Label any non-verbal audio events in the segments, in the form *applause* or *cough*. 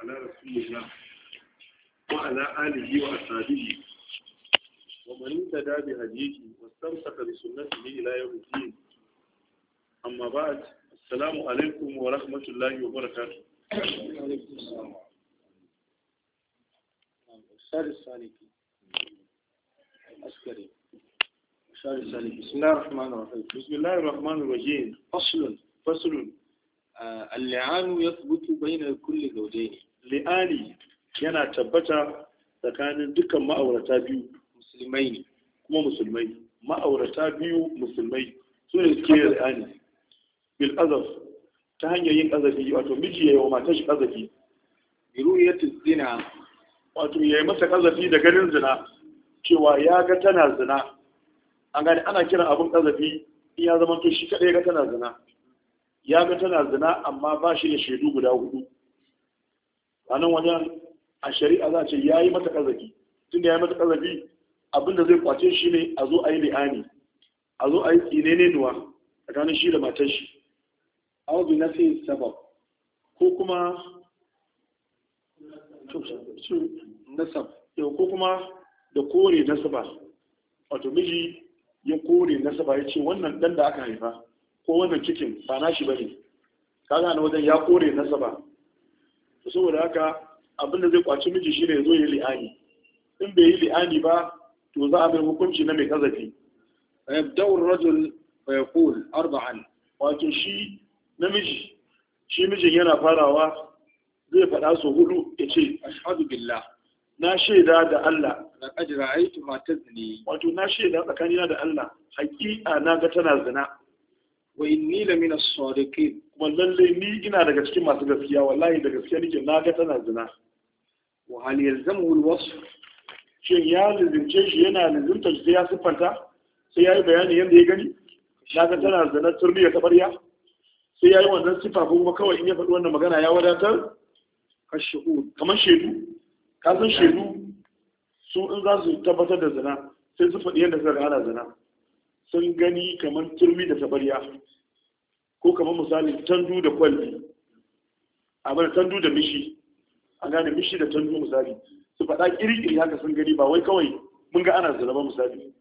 على رسول الله وعلى آله وأصحابه ومن اهتدى بهديه واستمسك بسنته إلى يوم الدين أما بعد السلام عليكم ورحمة الله وبركاته وعليكم السلام أستاذ السالكي أستاذ السالكي بسم الله الرحمن الرحيم بسم الله الرحمن الرحيم فصل فصل آه، اللعان يثبت بين كل زوجين li'ani yana tabbata tsakanin dukkan ma'aurata biyu musulmai ne kuma musulmai ma'aurata biyu musulmai su ne suke li'ani bil azaf ta hanyar yin azafi wato miji ya yi wa matar shi azafi bi ya zina wato ya yi masa azafi da ganin zina cewa ya ga tana zina an gani ana kiran abin azafi in ya zama to shi kaɗai ga tana zina ya ga tana zina amma ba shi da shaidu guda hudu sanin wajen a shari'a za a ce ya yi mata ƙarzafi tun da ya yi mata ƙarzafi abinda zai kwace shi ne a zo a yi li'ani a zo a yi tsine ne nuwa tsakanin shi da matar shi aw bi nafi sabab ko kuma nasab yau ko kuma da kore nasaba wato miji ya kore nasaba ya ce wannan dan da aka haifa ko wannan cikin ba na shi bane kaga na wajen ya kore nasaba saboda haka abinda zai kwaci miji shi ya zo ya li'ani in bai yi li'ani ba to za a mai hukunci na mai kazafi فيبدأ ya kul arba'an wato shi namiji shi mijin yana farawa zai faɗa su hudu ya ce ashadu billah na shaida da Allah na ajira aitu ma zini. wato na shaida tsakanina da Allah haƙiƙa na ga tana zina wa inni la min as-sadiqin kuma lalle ni ina daga cikin masu gaskiya wallahi da gaskiya nake na ga tana zina wa hal yalzamu alwasf shin ya lizince shi yana lizinta sai ya siffanta sai ya yi bayani yadda ya gani na ga tana zina turbiya ta barya sai ya yi wannan siffa ko kuma kawai in ya faɗi wannan magana ya wadatar kamar shaidu ka san shaidu su in za su tabbatar da zina sai su faɗi yadda suka gana zina sun gani kamar turmi da tabarya ko kamar misali, tandu da kwalbi mana tandu da mishi a gane mishi da tandu misali su faɗa ƙirƙiri haka sun gani ba wai kawai mun ga ana zina ba misali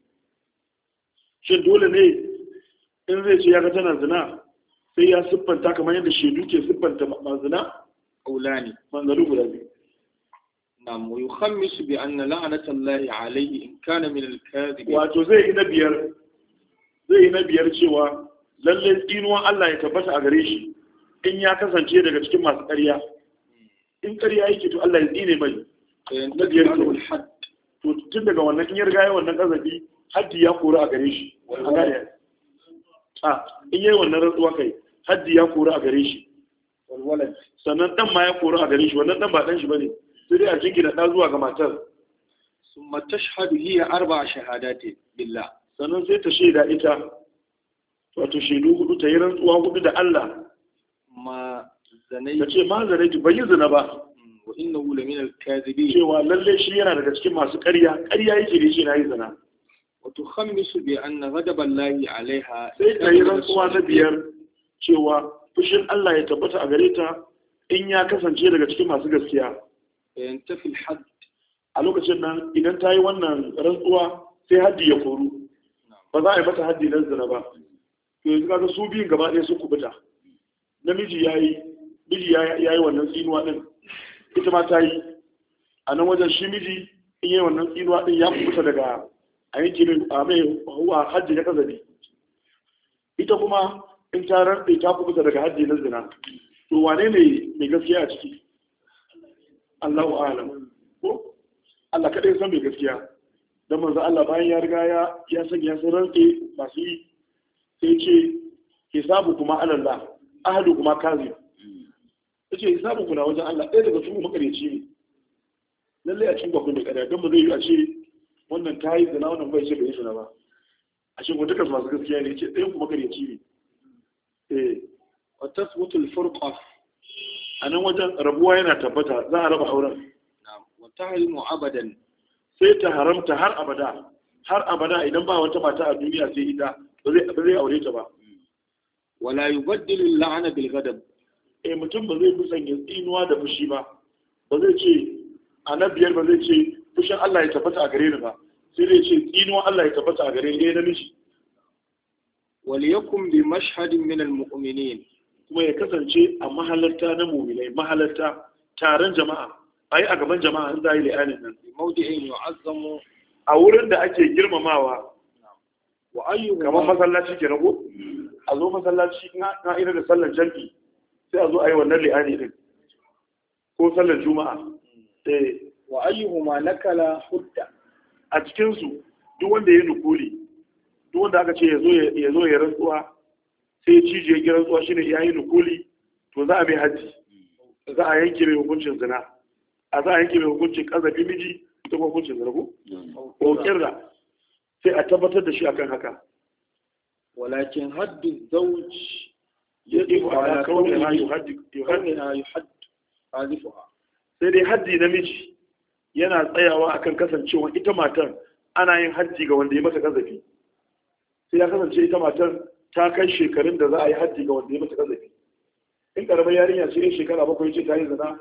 shin dole ne in zai ce ya ga tana zina sai ya siffanta kamar yadda shaidu ke siffanta mazina aula ne manzaru guda biyu Na ويخمس بأن لعنة الله عليه إن كان من الكاذبين wato zai yi na biyar zai yi na biyar cewa lallai tsinuwan Allah ya tabbata a gare shi in ya kasance daga cikin masu ƙarya in ƙarya yake to Allah ya tsine mai na biyar to tun daga wannan in yarga riga ya wannan ƙazafi haddi ya kori a gare shi a ah, in yi wannan rantsuwa kai haddi ya kori a gare shi sannan ɗan ma ya kori a gare shi wannan ɗan ba ɗan shi bane sai dai a jingina da zuwa ga matar sun summa tashhadu hiya a shahadati billah sannan sai ta shaida ita wato shaidu hudu ta yi rantsuwa hudu da Allah ma ta ce ma zanai ban yi zina ba mm, inna hu lamina kadhibi cewa lalle shi yana daga cikin masu ƙarya ƙarya yake da shi na yi zina wa tukhammisu bi anna ghadaba Allahi alaiha sai ta yi rantsuwa ta biyar cewa fushin Allah ya tabbata a gare ta in ya kasance daga cikin masu gaskiya yantafi al-hadd a lokacin nan idan ta yi wannan rantsuwa sai haddi ya koru ba za a yi mata haddi na zina ba to yanzu kaga su biyun gaba ɗaya su kubuta namiji ya yi miji ya yi wannan tsinuwa ɗin ita ma ta yi a nan wajen shi miji in yi wannan tsinuwa ɗin ya kubuta daga a yanki mai a mai a hajji na kazabi ita kuma in ta rarɗe ta kubuta daga hajji na zina to wane ne mai gaskiya a ciki Allahu alam ko Allah kaɗai san mai gaskiya dan manzo Allah bayan ya riga ya sanya san rarɗe masu yi sai ce hisabu kuma alallah ahadu kuma kazi ce hisabu kuna wajen Allah ɗaya daga cikin makareci ne lalle a cikin bakwai da ƙarya don ba zai yi a ce wannan ta yi zina wannan bai ce bai zina ba a cikin wata kasu masu gaskiya ne ce ɗaya kuma makareci ne eh wa tasbutu al a nan wajen rabuwa yana tabbata za a raba auren wa mu abadan sai ta haramta har abada har abada idan ba wata mata a duniya sai ita ba zai aure ta ba wala yubaddilu la'ana bil ghadab eh mutum ba zai musanya tsinuwa da fushi ba ba zai ce a na ba zai ce fushin Allah ya tabbata a gare ni ba sai zai ce tsinuwa Allah ya tabbata a gare ni eh namiji wal yakum bi mashhadin min al mu'minin kuma ya kasance a mahalarta na mu'minai mahalarta taron jama'a ai a gaban jama'a in za yi li'anin nan mawdi'in yu'azzamu a wurin da ake girmamawa kamar masallaci ke rago a zo masallaci na ina da sallar jam'i sai a zo a yi wannan li'ani din ko sallar juma'a eh. wa ayyuhuma nakala hudda a cikinsu duk wanda ya nukuli duk wanda aka ce ya zo ya rantsuwa sai ya cije ya rantsuwa shine ya yi nukuli to za a bi haji za a yanke mai hukuncin zina a za a yanke mai hukuncin kazabi miji ta hukuncin zargo ko kirra sai a tabbatar da shi akan haka walakin haddu zawj yadifu ala kauniha yuhaddu sai dai haddi namiji yana tsayawa akan kasancewa ita matar ana yin haddi ga wanda ya mata kazafi sai ya kasance ita matar ta kai shekarun da za a yi haddi ga wanda ya mata kazafi in karamar yarinya ce yin shekara bakwai ce ta yi zina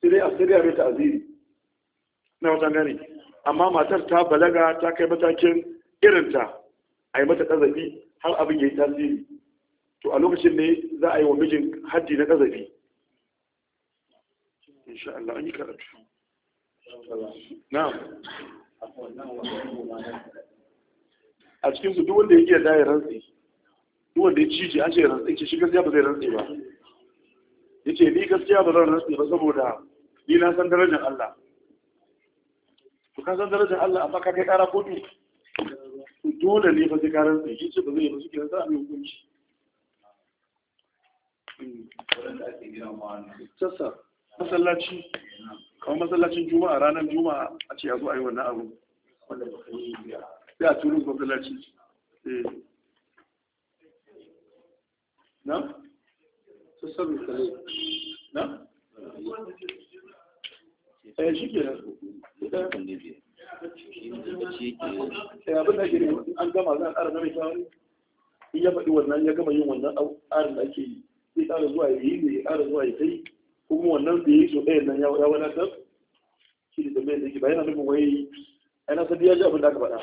sai dai a sai dai a mai ta'aziri na wata gane amma matar ta balaga ta kai matakin irinta a yi mata ƙazafi har abin ya yi tasiri to a lokacin ne za a yi wa mijin haddi na ƙazafi an yi karatu a cikin su duk wanda ya iya daya ya rantsi duk wanda ya cije an ce rantsi ce shi gaskiya ba zai rantsi ba Ya ce ni gaskiya ba zan rantsi ba saboda ni na san darajar Allah kan ka san darajar Allah amma ka kai kara kudi dole ne ba sai karar da shi ce ba zai ba suke rantsa a mai kunci sassa masallaci kamar masallacin juma'a ranar juma'a a ce a zo a yi wannan abu sai a turu masallaci eh. na? sassa mai na? eh shi ke eh, abin da ke an gama zan ƙara mai ya faɗi wannan ya gama yin wannan tsarin da ake yi sai ƙara zuwa ya yi ne ƙara zuwa ya kai kuma wannan da ya yi so ɗayan nan ya wadatar shi da tambayar yake ba yana nufin wai yana sabi ya ji abin da aka faɗa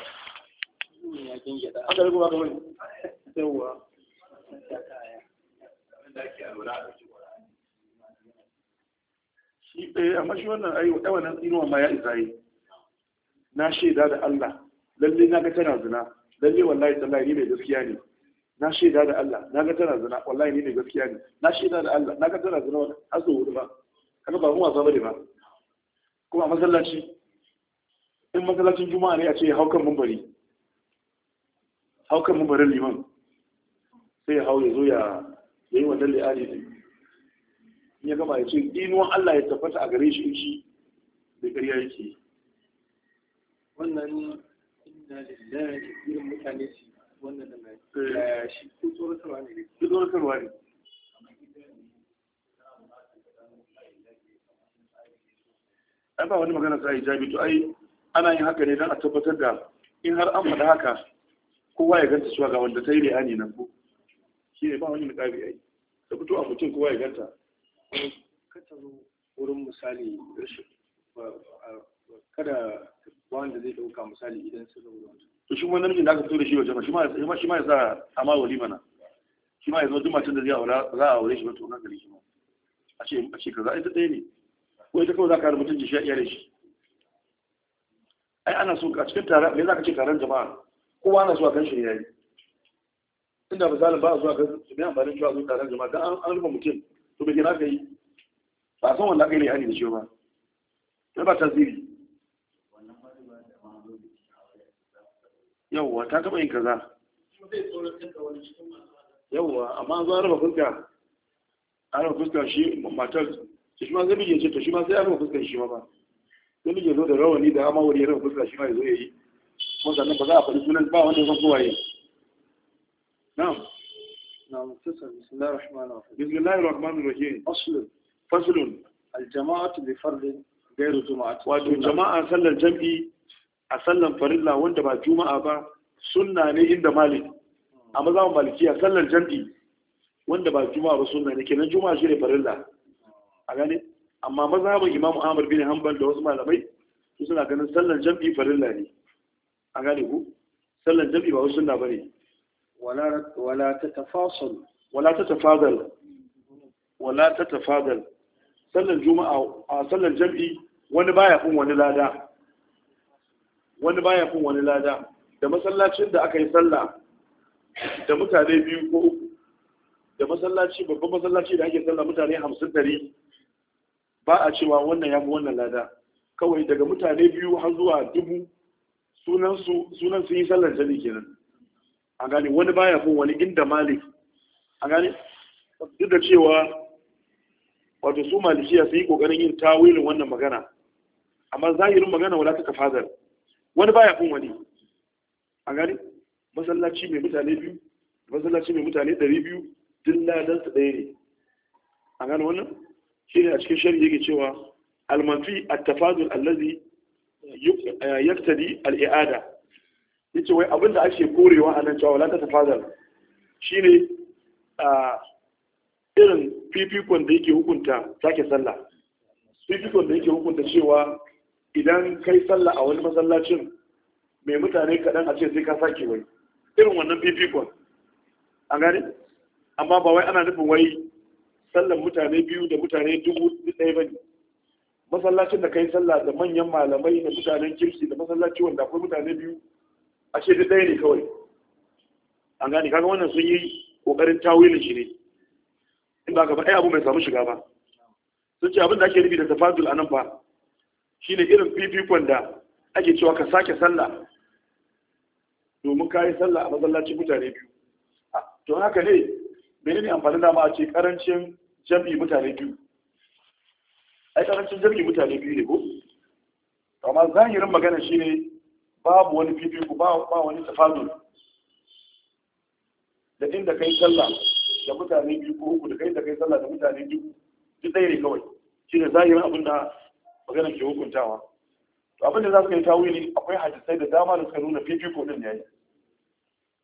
aka rikuwa kamar yawwa shi eh amma shi wannan ai nan tsinuwa ma ya isa yi na shaida da Allah lalle na ga tana zina lalle wallahi tallahi ni mai gaskiya ne na shaida da Allah na ga tana zina wallahi ni mai gaskiya ne na shaida da Allah na ga tana zina har so hudu ba kaga ba mu wasa bane ba kuma masallaci in masallacin juma'a ne a ce hau haukan mumbari kan mumbarin liman sai ya hau ya zo ya yi wa lalle wannan li'ani ya gama ya ce dinuwan Allah ya tabbata a gare shi shi da ƙarya yake wannan ya lillahi irin mutane su wannan da eh. shi ko tsoratarwa ne ko tsoratarwa ne ai ba wani magana sai jabi to ai ana yin haka ne don a tabbatar da in har an faɗa haka kowa ya ganta cewa ga wanda ta yi bayani nan ko shi ne ba wani niƙabi ai da fito a mutum kowa ya ganta kata zo wurin misali kada wanda zai dauka misali idan sun zo to shi wannan namijin da aka fito da shi ba shi ma shi ma ya sa amma wali mana shi ma ya zama duk macen da zai za a aure shi ba to nan gari shi ma a ce a ce kaza ita ɗaya ne ko ita kawai za ka rubuta shi a iyalin shi ai ana so a cikin taron me za ka ce taron jama'a kowa na zuwa kan shi yayi inda misalin ba a zuwa kan su ne amfanin zuwa zuwa taron jama'a dan an rufe mutum to bai kira ka yi ba san wanda aka yi lihani da shi ba sai ba tasiri yawwa ta taɓa yin kaza yawwa amma an zo an raba fuska an raba fuska shi matar shi ma zai bige ce to shi ma sai an raba fuska shi ma ba sai bige zo da rawani da amma wani ya raba fuska shi ma ya zo ya yi kuma sannan ba za a faɗi sunan ba wanda ya san kowa yi na'am نعم بسم الله الرحمن الرحيم بسم الله الرحمن الرحيم أصل فصل jama'a بفرد jam'i a sallan جماعة صلى الجمعي أصلا فرلا وانت با جمعة با سنة عند مالك أما ذا مالكية wanda ba juma'a ba sunna ne kenan juma'a shi ne farilla a gane amma mazhabin imam ahmad bin hanbal da wasu malamai su suna ganin sallan jam'i farilla ne a gane ku sallan jam'i ba sunna ne. wala ta tafasal wala ta tafadal wala ta wani baya fin wani lada wani baya fin wani lada da masallacin da aka yi sallah da mutane biyu ko uku da masallaci babban masallaci da ake sallah mutane hamsin dari ba a cewa wannan ya fi wannan lada kawai daga mutane biyu har zuwa dubu sunan su yi sallar jami kenan a gane wani baya bin wani inda malik a gane duk da cewa wato su malikiya su yi kokarin yin tawilin wannan magana amma zahirin magana wala ta kafazar wani baya bin wani a gane masallaci mai mutane biyu masallaci mai mutane ɗari biyu duk ladan su ɗaya ne a gane wannan shi ne a cikin shari'a yake cewa almanfi at-tafadul allazi yaktadi al-i'ada yace wai abin da ake korewa a nan cewa wala ta tafadal shine a irin fifikon da yake hukunta sake sallah fifikon da yake hukunta cewa idan kai sallah a wani masallacin mai mutane kaɗan a ce sai ka sake wai irin wannan fifikon an gane amma ba wai ana nufin wai sallan mutane biyu da mutane dubu ɗaya ba ne masallacin da kai sallah da manyan malamai da mutanen kirki da masallaci wanda akwai mutane biyu ashe duk ɗaya ne kawai an gane kaga wannan sun yi ƙoƙarin tawilin shi ne in ba gaba ɗaya abu mai samu shiga ba sun ce abin da ake nufi da tafadul a nan ba shi ne irin fifikon da ake cewa ka sake sallah domin ka yi sallah a masallacin mutane biyu don ah, haka ne bai ne amfani dama a ce karancin jam'i mutane biyu ai karancin jam'i mutane biyu ne ko amma zahirin magana shi ne babu wani fifiko ba wani tafadul da inda kai sallah da mutane biyu ko uku da kai da kai sallah da mutane biyu duk ɗaya ne kawai shi ne zahirin abin da maganar ke hukuntawa to abin da za su kai tawili akwai hadisai da dama da suka nuna fifiko din yayi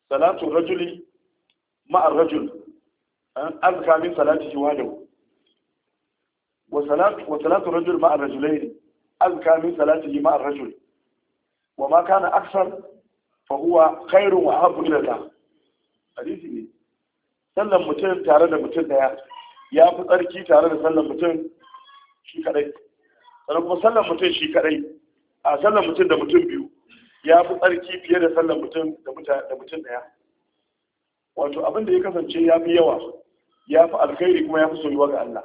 salatu rajuli ma'ar rajul an azka min salatihi wahdahu wa salatu wa salatu rajul ma'ar rajulaini azka min salatihi ma'ar rajul wa ma kana aksar fa huwa khairun wa ila ta hadisi ne sallan mutum tare da mutum daya ya fi tsarki tare da sallan mutum shi kadai sannan kuma sallan mutum shi kadai a sallan mutum da mutum biyu ya fi tsarki fiye da sallan mutum da mutum daya wato abin da ya kasance ya fi yawa ya fi alkhairi kuma ya fi soyuwa ga Allah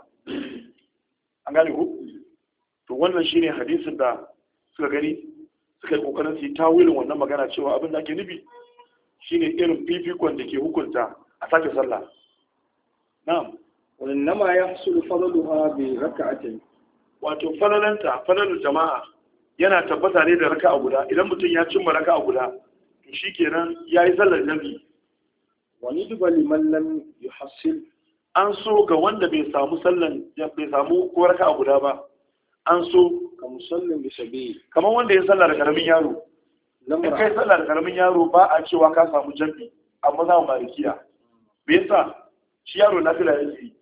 an gane ku to wannan shine hadisin da suka gani suka yi kokarin su yi tawilin wannan magana cewa abin da ake nufi shine irin fifikon da ke hukunta a sake sallah na'am nama ya hasulu ha bi raka'atin wato falalanta Falalu jama'a yana tabbata ne da raka'a guda idan mutum ya cimma raka'a guda to shikenan yayi sallar nabi wani duba liman lam yuhassil an so ga wanda bai samu sallan bai samu ko raka'a guda ba an so ka musallin bi sabi kamar wanda ya sallar karamin yaro in kai sallar karamin yaro ba a cewa ka samu jami amma za mu malikiya me yasa shi yaro na fila yake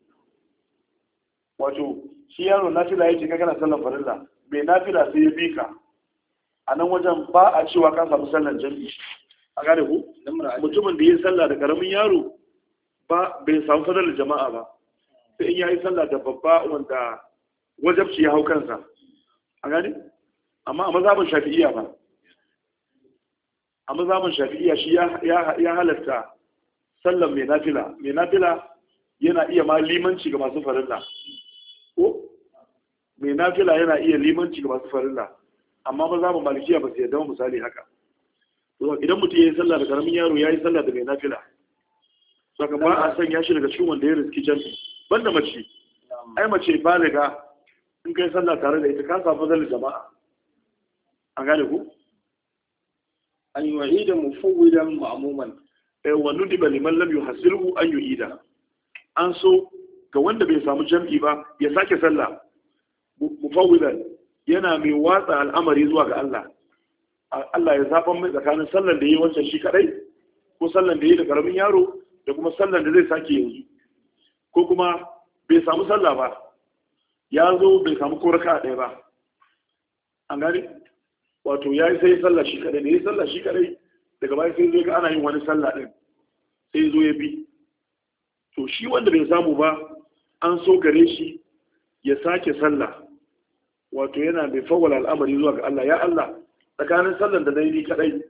wato shi yaro na fila yake kaga na sallar farilla mai na fila sai ya bika a nan wajen ba a cewa ka samu sallar jami a gane ku mutumin da ya sallah da karamin yaro ba bai samu fadalar jama'a ba sai in ya yi sallah da babba wanda wajabci ya hau kansa a gani amma a mazhabin shafi'iya ba a mazhabin shafi'iya shi ya halatta sallan mai nafila mai nafila yana iya ma limanci ga masu farilla ko mai nafila yana iya limanci ga masu farilla amma mazhabin malikiya ba su yadda misali haka idan mutum ya yi sallah da karamin yaro ya yi sallah da mai nafila saka ba a sanya shi daga cikin wanda ya riski jami'i banda mace ai mace baliga in kai sallah tare da ita ka samu zalli jama'a an gane ku an yi wa'ida mufawwidan ma'muman eh wa nudiba liman lam yuhassilu an yu'ida an so ga wanda bai samu jam'i ba ya sake sallah mufawwidan yana mai watsa al'amari zuwa ga Allah Allah ya zaban mai tsakanin sallan da yi wancan shi kadai ko sallan da yi da karamin yaro da kuma sallan da zai sake yanzu ko kuma bai samu sallah ba ya zo bai samu ko raka ɗaya ba an gani wato ya yi sai sallah shi kadai. ne ya sallah shi kadai, daga bayan sai zai ga ana yin wani sallah ɗin sai zo ya bi to shi wanda bai samu ba an so gare shi ya sake sallah wato yana bai fawwala al'amari zuwa ga Allah ya Allah tsakanin sallan da na yi ni kadai,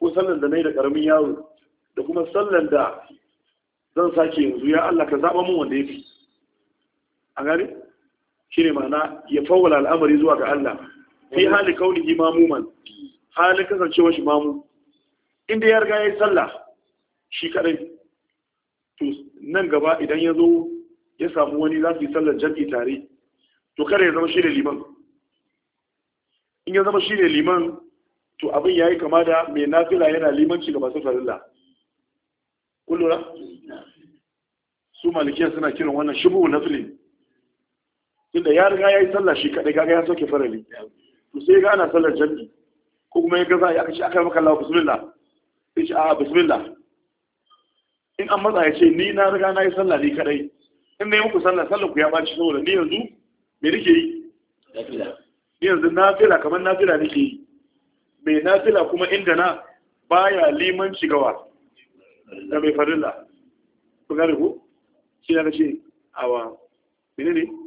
ko sallan da na yi da ƙaramin yaro da kuma sallan da zan sake yanzu ya Allah ka zaba mun wanda ya fi a gani shine ma'ana ya fawwala al'amari zuwa ga Allah fi hali kaunihi mamuman halin kasancewa shi mamu inda ya riga ya yi sallah shi kadai to nan gaba idan ya zo ya samu wani za su yi sallar jam'i tare to kare ya zama shi ne liman in ya zama shi ne liman to abin ya yi kama da mai nafila yana limanci ga masu farilla kullura su malikiya suna kiran wannan shubu nafilin tunda ya riga ya yi sallah shi kaɗai kaga ya soke farali to sai ga ana sallar jami'i ko kuma ya gaza aka ce aka maka Allah bismillah sai ce a bismillah in an matsa ya ce ni na riga na yi sallah ni kaɗai in na yi muku sallah sallar ku ya ɓaci saboda ni yanzu me nake yi ni yanzu na fila kamar na fila nake yi mai na fila kuma inda na baya limanci gawa da mai farilla ku gane ku shi na ce awa menene ne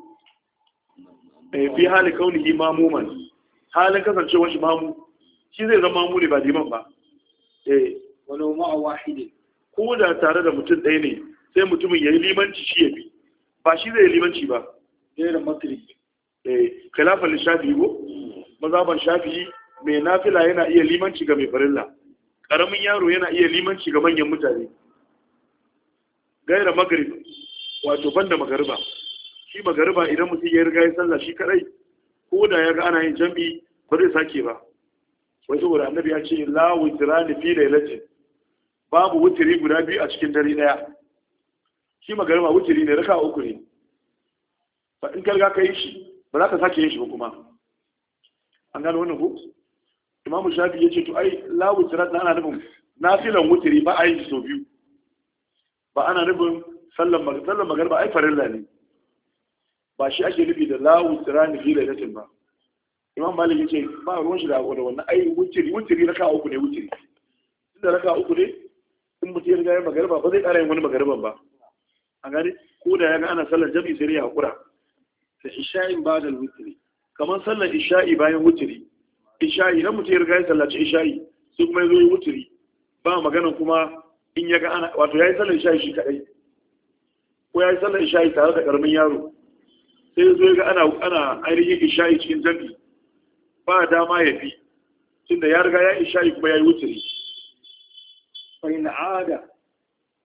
Eh, fi hali kaunihi mamuman halin kasance shi mamu shi zai zama mamu ne ba liman ba eh walau ma wahidi ko da tare da mutum ɗaya ne sai mutumin ya yi limanci shi ya bi ba shi zai yi limanci ba ɗaya da matri eh khilafan shafi'i ko mazaban shafi'i mai nafila yana iya limanci ga mai farilla karamin yaro yana iya limanci ga manyan mutane gaira magrib wato banda magariba shi magariba idan mutum ya riga ya sallah shi kadai ko da ya ga ana yin jam'i ba zai sake ba wai saboda annabi ya ce la witrani fi lailatin babu wutiri guda biyu a cikin dare daya shi magariba wutiri ne raka uku ne Ba in kalga riga ka yi shi ba za ka sake yin shi ba kuma an gano wannan ko imamu shafi ya ce to ai la wutirat na ana nufin nafilan wutiri ba a yi sau biyu ba ana nufin sallan magariba ai farilla ne ba shi ake nufi da la wutirani fi lailatin ba imam malik yace ba ruwan shi da wannan ai wuciri na raka uku ne wutiri na raka uku ne in mutum ya riga ya magariba ba zai ƙara yin wani magariban ba a gani ko da ya ga ana sallar jami'i sai ya hakura da isha'in ba da wuciri kamar sallar isha'i bayan wuciri isha'i idan mutum ya riga ya sallaci isha'i sai kuma ya zo ya wuciri ba maganan kuma in ya ga ana wato ya yi sallar isha'i shi kaɗai ko ya yi sallar isha'i tare da ƙaramin yaro sai zo ga ana ana ainihin isha'i cikin jami ba dama ya fi tunda ya riga ya isha'i kuma ya yi wuturi fa in ada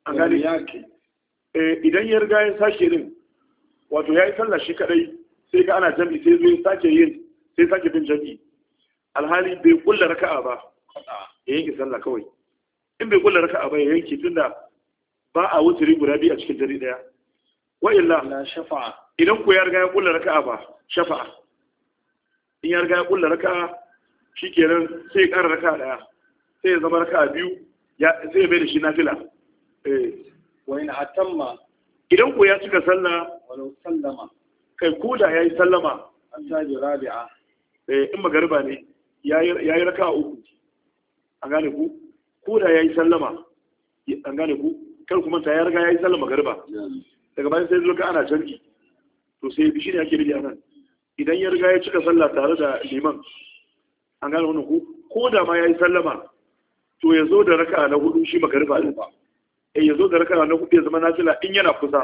a gani yake eh, idan ya riga ya sake rin wato ya yi sallah shi kadai sai ga ana jami sai zo ya sake yin sai sake bin jami alhali bai kulla raka'a ba ya yanke sallah kawai in bai kulla raka'a ba ya yanke tunda ba a wuturi guda biyu a cikin dare daya wa illa la shafa'a idan ku ya riga ya kulla raka'a ba shafa'a in ya riga ya kulla raka'a shikenan sai ƙara raka'a daya sai ya zama raka'a biyu sai ya bai da shi nafila eh wa in atamma idan ku ya cika sallah walau sallama kai ko da yayi sallama an taji rabi'a eh in magariba ne yayi yayi raka'a uku A gane ku koda ya yayi sallama an gane ku kar kuma ta ya riga yayi sallama magariba daga bayan sai zuwa ana canji to sai bi shi ne ake nufi nan idan ya riga ya cika sallah tare da liman an gane wannan ku ko da ma ya yi sallama to ya zo da raka na hudu shi baka rufa ba eh ya zo da raka na hudu ya zama nafila in yana kusa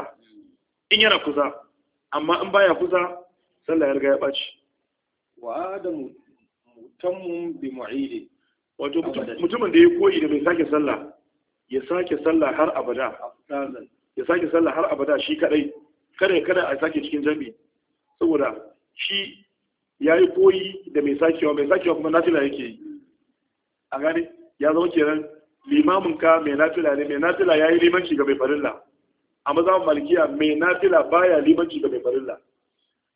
in yana kusa amma in baya kusa sallah ya riga ya baci wa adamu mutammun bi mu'idi wato mutumin da ya koyi da bai sake sallah ya sake sallah har abada ya sake sallah har abada shi kadai kada kada a sake cikin jami saboda shi ya yi koyi da mai sakewa mai sakewa kuma nafila yake yi a gane ya zama kenan limamin ka mai nafila ne mai nafila ya yi limanci ga mai farilla a mazan malkiya mai nafila baya limanci ga mai farilla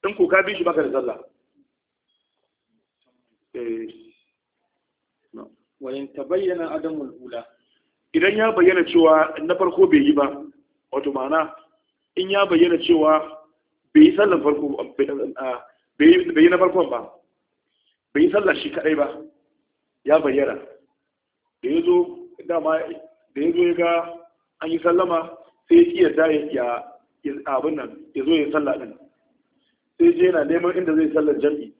in ko ka bi shi baka da sallah eh. wayan ta bayyana adamul ula idan ya bayyana cewa na farko bai yi ba wato ma'ana in ya bayyana cewa bai yi sallar farko bai ah, yi na farkon ba bai yi sallar shi kadai ba ya bayyana da ya zo dama da ya zo ya ga an yi sallama sai ya iya da ya abin nan ya zo ya sallah din sai je yana neman inda zai sallar jam'i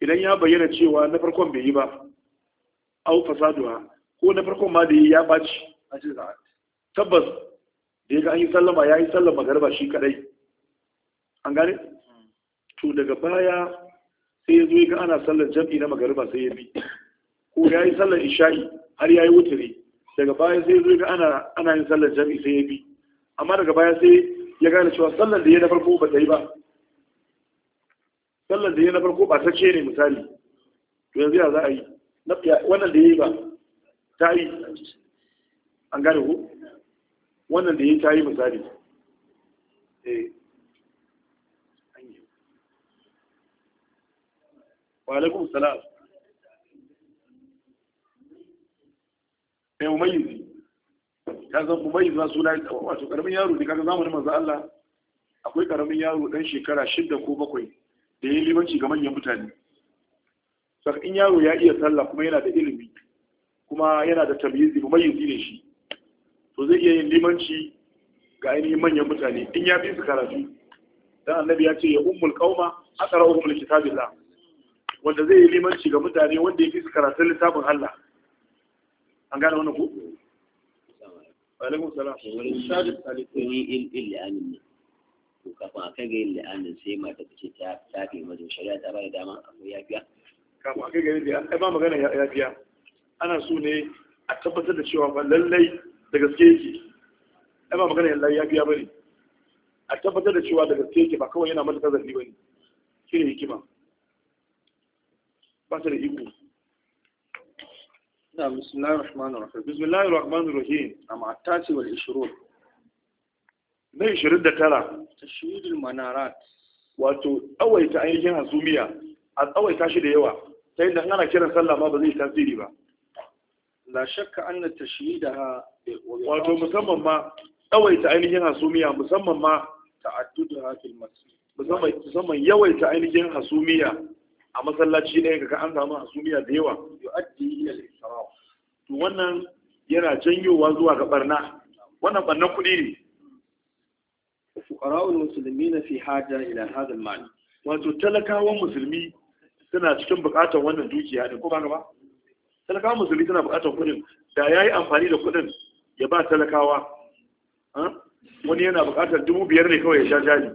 idan ya bayyana cewa na farkon bai yi ba au fasaduwa ko na farkon ma da ya ɓaci a cikin tabbas da ya ga an yi sallama ya yi sallama magarba shi kadai an gane to daga baya sai ya zo ya ga ana sallar jam'i na magarba sai ya bi ko ya yi sallar isha'i har ya yi wuturi daga baya sai ya zo ya ga ana ana yin sallar jam'i sai ya bi amma daga baya sai ya gane cewa sallar da ya na farko ba ta yi ba sallar da ya na farko ba ta ce ne misali to yanzu ya za a yi wannan da ya yi ba ta yi an gane ko wannan da ya tayi misali eh wa alaikum salam eh umayyiz ka san umayyiz ma suna wato karamin yaro ne kaga zamanin manzo Allah akwai karamin yaro dan shekara shida ko bakwai da ya yi limanci ga manyan mutane saka in yaro ya iya sallah kuma yana da ilimi kuma yana da tabyizi umayyiz ne shi to zai iya yin limanci ga ainihin manyan mutane in ya fi su karatu dan annabi ya ce ya ummul qauma aqra'uhum likitabillah wanda zai yi limanci ga mutane wanda ya fi su karatun littafin Allah an gane wannan ku kafin a kai ga yin la'anin sai mata ta ce ta yi mazin shari'a ta ba da dama akwai yafiya kafin a kai ga yin ya ba magana yafiya ana so ne a tabbatar da cewa ba lallai da gaske yake ai ba magana yalla ya biya bane a tabbatar da cewa da gaske yake ba kawai yana mata tazarri bane shine hikima ba ta da iko na bismillahir rahmanir rahim bismillahir rahmanir rahim amma attati wal ishrur na 29 tashhidul manarat wato tsawaita ainihin hasumiya a tsawaita shi da yawa sai yadda ana kiran sallah ma ba zai tasiri ba la shakka anna tashyidaha wato musamman ma tsawaita ainihin hasumiya musamman ma ta'addudaha fil masjid musamman musamman yawaita ainihin hasumiya a masallaci ne kaga an samu hasumiya da yawa yu'addi ila al-israf to wannan yana janyowa zuwa ga barna wannan bannan kuɗi ne fuqara'ul muslimin fi haja ila hadha al-mal wato talakawan musulmi suna cikin buƙatar wannan dukiya ne ko ba ba talakawa musulmi tana buƙatar kuɗin da ya yi amfani da kuɗin ya ba talakawa wani yana buƙatar dubu biyar ne kawai ya sha jari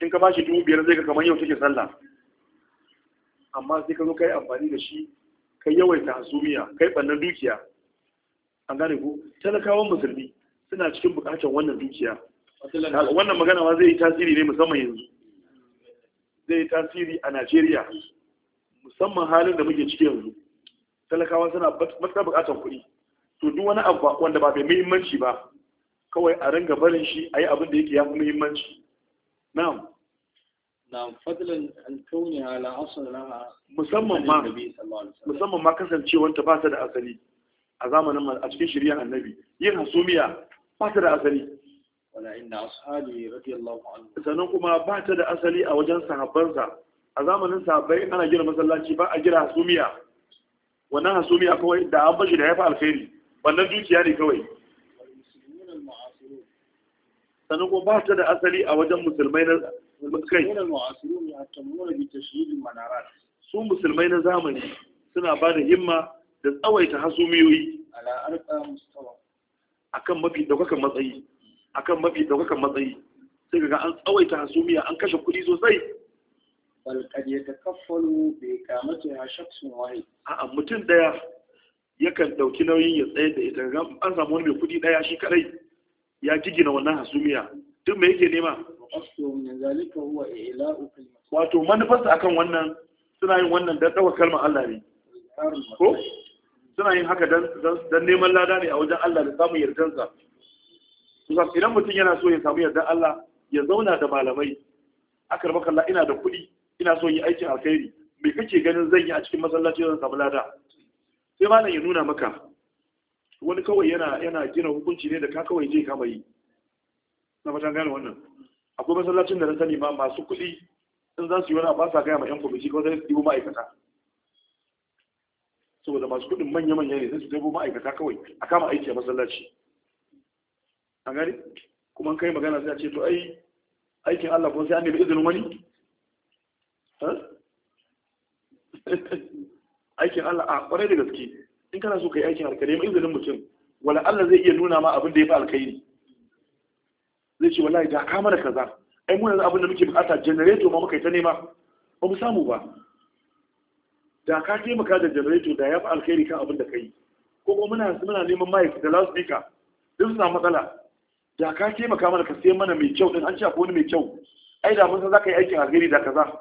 in ka ba shi dubu biyar zai ga kamar yau take sallah amma sai ka zo ka yi amfani da shi kai yawaita hasumiya kai ɓannan dukiya an gane ku talakawan musulmi suna cikin bukatar wannan dukiya wannan magana ma zai yi tasiri ne musamman yanzu zai yi tasiri a najeriya musamman halin da muke ciki yanzu talakawa suna matuƙar buƙatar kuɗi to duk wani abu wanda ba mai muhimmanci ba kawai a ringa barin shi a yi abin da yake ya fi muhimmanci na'am na'am fadlan an kauni ala asalaha musamman ma musamman ma kasancewanta ba ta da asali a zamanin a cikin shirya annabi yin hasumiya ba ta da asali wala inna ashabi radiyallahu anhu sanan kuma ba ta da asali a wajen sahabbansa a zamanin sahabbai ana gina masallaci ba a gina hasumiya wannan hasumi a kawai da an bashi da ya fi alkhairi wannan dukiya ne kawai sannan kuma ba ta da asali a wajen musulmai na kai su musulmai na zamani suna ba da himma da tsawaita hasumiyoyi akan mafi daukakan matsayi kan mafi daukakan matsayi sai ga an tsawaita hasumiya an kashe kuɗi sosai bal kad yatakaffalu bi iqamatiha shakhsun wahid a'a mutum daya yakan dauki nauyin ya tsaye da ita an samu wani mai kudi daya shi kadai ya jigina wannan hasumiya duk me yake nema wato manufarsa akan wannan suna yin wannan don ɗaukar kalmar Allah ne ko suna yin haka don neman lada ne a wajen Allah da samun yardansa idan mutum yana so ya samu yardan Allah ya zauna da malamai akar makalla ina da kuɗi ina so yi aikin alkhairi me kake ganin zan yi a cikin masallaci zan samu lada sai malam ya nuna maka wani kawai yana yana gina hukunci ne da ka kawai je kama yi na fatan gane wannan akwai masallacin da na sani ma masu kuɗi in za su yi wani ba sa gaya ma yan kwamiti kawai sai su ɗigo ma'aikata saboda masu kuɗin manya-manya ne sai su ɗigo ma'aikata kawai a kama aiki a masallaci an gani kuma kai magana sai a ce to ai aikin Allah ko sai an nemi izinin wani *laughs* aikin Allah a kwarai da gaske in kana so ka yi aikin alkhairi mai izinin mutum wala Allah zai iya nuna ma abin da ya fi alkhairi zai ce wallahi ga kama da kaza ai mu yanzu abin da muke bukata generator ma muka yi ta nema ba mu samu ba da ka taimaka da generator da ya fi alkhairi kan abin da ka yi ko kuma muna muna neman mic da speaker duk suna matsala da ka taimaka mana ka sayi mana mai kyau din an ce akwai wani mai kyau ai da mun san za ka yi aikin alkhairi da kaza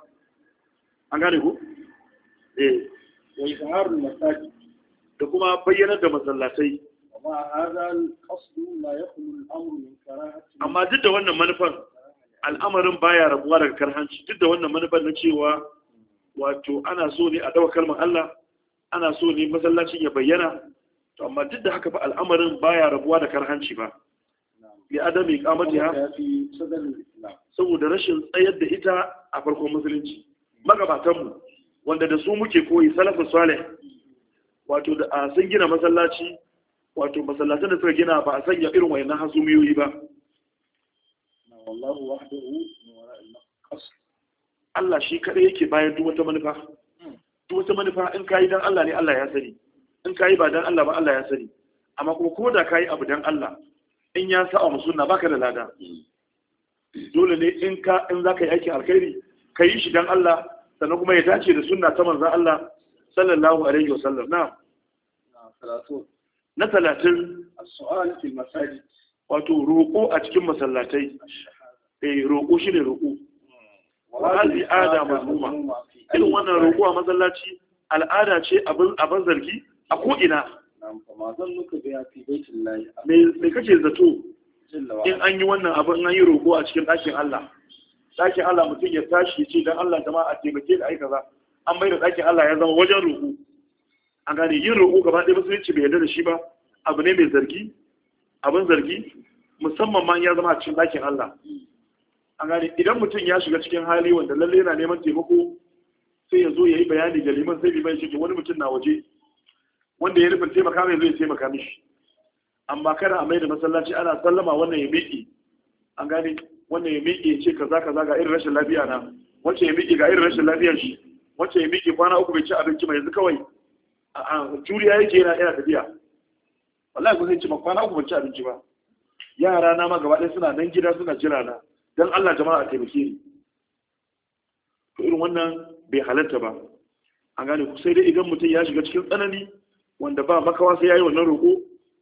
an gane ku eh wa izharul masaki da kuma bayyanar da masallatai amma amma duk da wannan manufan al'amarin baya rabuwa daga karhanci duk da wannan manufan na cewa wato ana so ne a dawa kalmar Allah ana so ne masallacin ya bayyana to amma duk da haka ba al'amarin baya rabuwa da karhanci ba li adami qamatiha saboda rashin tsayar da ita a farkon musulunci magabatanmu wanda da su muke koyi salafin salih wato da a sun gina masallaci wato masallacin da suka gina ba a sanya irin wayannan hasumiyoyi ba wallahu wahdahu Allah shi kada yake bayan duk wata manufa hmm. duk wata manufa in kayi dan Allah ne Allah ya sani in kayi ba dan Allah ba Allah ya sani amma kuma ko da kayi abu dan Allah in ya sa'a mu sunna baka da lada hmm. dole ne in ka in zaka yi aikin alkhairi ka yi shi don Allah sannan kuma ya dace da sunna ta manzan Allah sallallahu alaihi wasallam na na talatin sual masajid wato roƙo a cikin masallatai eh roƙo shi ne roƙo hmm. wa al'ada mazmuma irin wannan roƙo a masallaci al'ada ce abin abin zargi a ko ina me kake zato in an yi wannan abin an yi roƙo a cikin ɗakin Allah ɗakin Allah mutum ya tashi ce don Allah a taimake da aika za an mai da ɗakin Allah ya zama wajen roƙo a gane yin roƙo gaba ɗaya musulunci bai yarda da shi ba abu ne mai zargi abin zargi musamman ma ya zama a cikin ɗakin Allah a gane idan mutum ya shiga cikin hali wanda lalle yana neman taimako sai ya zo ya yi bayani ga liman sai liman ya ce wani mutum na waje wanda ya rufin taimaka mai zai taimaka mishi amma kada a mai da masallaci ana sallama wannan ya miƙe an gane wannan ya miƙe ce kaza kaza ga irin rashin lafiya na wacce ya miƙe ga irin rashin lafiyar shi wacce ya miƙe kwana uku bai ci abinci mai yanzu kawai a juriya yake yana yana tafiya wallahi ko zai ci ma kwana uku bai ci abinci ba yara na ma gaba ɗaya suna nan gida suna jira na dan Allah jama'a a taimake ni to irin wannan bai halatta ba an gane ku sai dai idan mutum ya shiga cikin tsanani wanda ba makawa sai ya yi wannan roƙo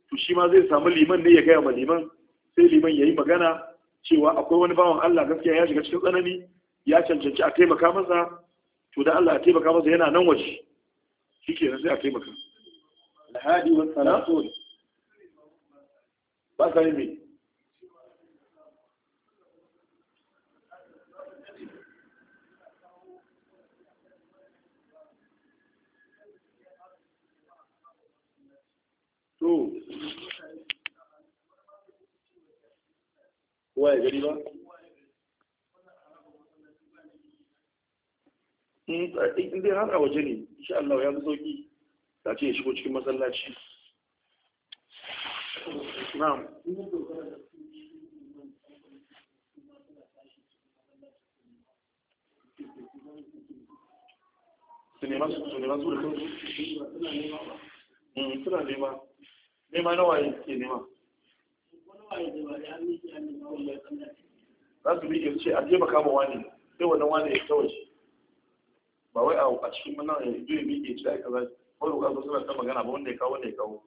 to shi ma zai samu liman ne ya gaya ma liman sai liman ya yi magana cewa akwai wani bawan Allah gaskiya ya shiga cikin tsanani ya cancanci a taimaka masa to da Allah a taimaka masa yana nan waje shike ke sai a taimaka lahadi wa salatu ba sai me kowa ya gari ba in dai har a waje ne insha Allah ya fi ta ce ya shigo cikin su hmm, nema ke nema za su miƙe ce a je makama wani sai wannan wani ya ta waje ba wai a cikin mana ya zo ya miƙe ce aika za ko da kasu suna ta magana ba wanda ya kawo wanda ya kawo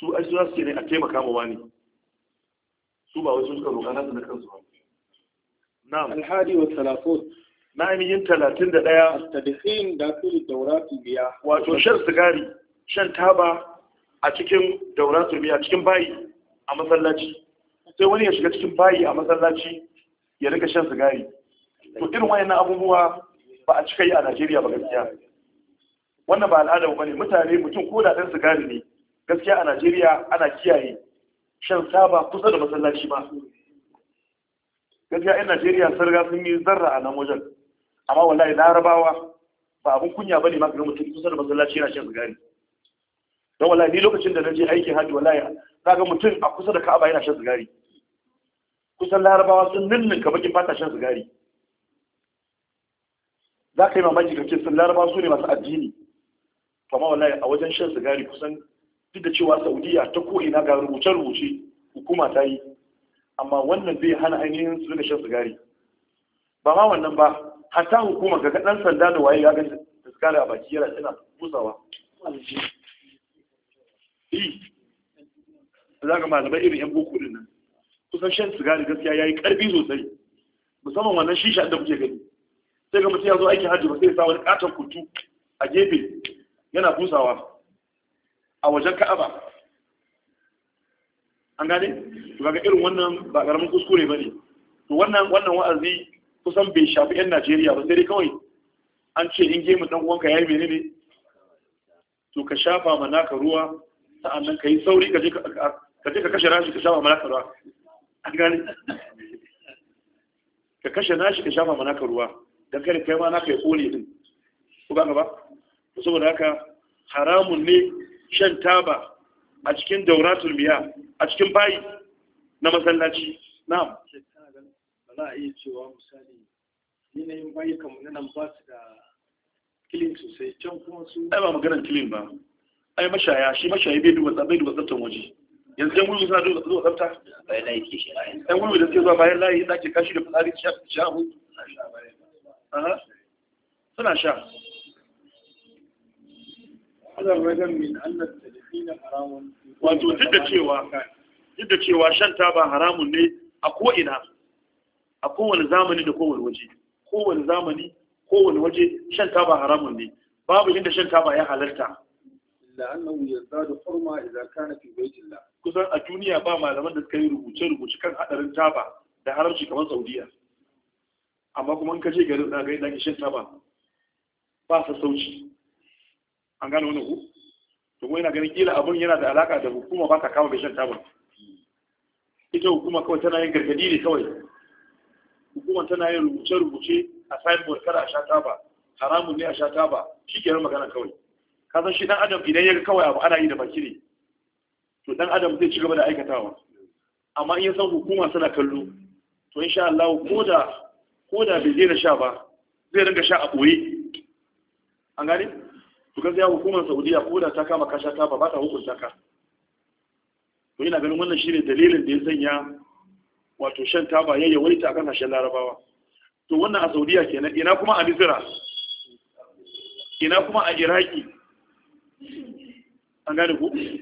su a za su ce ne a taimaka ma wani su ba wasu suka roƙa nasu na kansu ba na'am alhadi wa salafun na ainihin talatin da ɗaya tadhihin da fi daurati biya wato shan sigari shan taba a cikin daura turbi a cikin bayi a masallaci sai wani ya shiga cikin bayi a masallaci ya rika shan sigari to irin wayannan abubuwa ba a cika yi a Najeriya ba gaskiya wannan ba al'ada ba ne mutane mutum ko da dan sigari ne gaskiya a Najeriya ana kiyaye shan saba kusa da masallaci ba gaskiya 'yan Najeriya sun riga sun yi zarra a nan wajen amma wallahi larabawa ba abin kunya ba ne ma ga mutum kusa da masallaci yana shan sigari don wala ni lokacin da na je aikin hajji wallahi za ga mutum a kusa da ka'aba yana shan sigari kusan larabawa sun ninninka bakin fata shan sigari za ka yi mamaki kake sun larabawa su ne masu addini kuma wallahi a wajen shan sigari kusan duk da cewa saudiya ta ko ina ga rubuce-rubuce hukuma ta yi amma wannan zai hana ainihin su daga shan sigari ba ma wannan ba hatta hukuma ga ɗan sanda da waye ya ga sigari a baki yana tana busawa yi eh, za ga malamai irin yan boko din nan kusan shan sigari gaskiya ya yi ƙarfi sosai musamman wannan shisha da muke gani sai ga mutum ya zo aikin hajji ba sai sa wani katon kutu a gefe yana busawa a wajen ka'aba an gane to kaga irin wannan ba karamin kuskure ba ne. to wannan wannan wa'azi kusan bai shafi yan Najeriya ba sai dai kawai an ce in gemu dan uwanka yi menene to ka shafa ma naka ruwa sa'annan ka yi sauri ka je ka kashe rashi ka shafa manaka ruwa an gane ka kashe nashi ka shafa manaka ruwa don kada kai ma ka yi kone din ku ba ka ba saboda haka haramun ne shan taba a cikin dauratul miya a cikin bayi na masallaci na'am za a iya cewa misali yanayin bayi kamar nan ba su da kilin sosai can kuma su ai ba maganar kilin ba ai mashaya shi mashaya bai duba bai duba tsaftan waje yanzu yan wuri suna duba tsafta bayan layi ke shi yan wuri da suke zuwa bayan layi inda ke kashi da fitsari sha abu suna sha wato duk da cewa duk da cewa shan taba haramun ne a ko'ina a kowane zamani da kowane waje kowane zamani kowane waje shan taba haramun ne babu inda shan taba ya halarta لأنه يزداد حرمة إذا كان في بيت الله kusan a duniya ba malaman da suka yi rubuce-rubuce kan hadarin taba da haramci kamar saudiya amma kuma ka je garin zagaye yana shan taba ba sa sauci an gane wani ku to kuma yana ganin kila abin yana da alaka da hukuma ba ta kama mai shan taba ita hukuma kawai tana yin gargadi ne kawai hukuma tana yin rubuce-rubuce a signboard kada a sha taba haramun ne a sha taba shi ke magana kawai kasan shi dan adam idan ya ga kawai abu ana yi da baki ne to dan adam zai ci gaba da aikatawa amma in ya san hukuma suna kallo to insha Allah ko da ko da bai daina sha ba zai ringa sha a boye an gani? to gaskiya hukumar Saudiya ko da ta kama kasha ta ba ta hukunta ka to ina ganin wannan shine dalilin da ya sanya wato shan taba ya yawaita akan kasashen Larabawa to wannan a Saudiya kenan ina kuma a Misira ina kuma a Iraki an gane ku eh,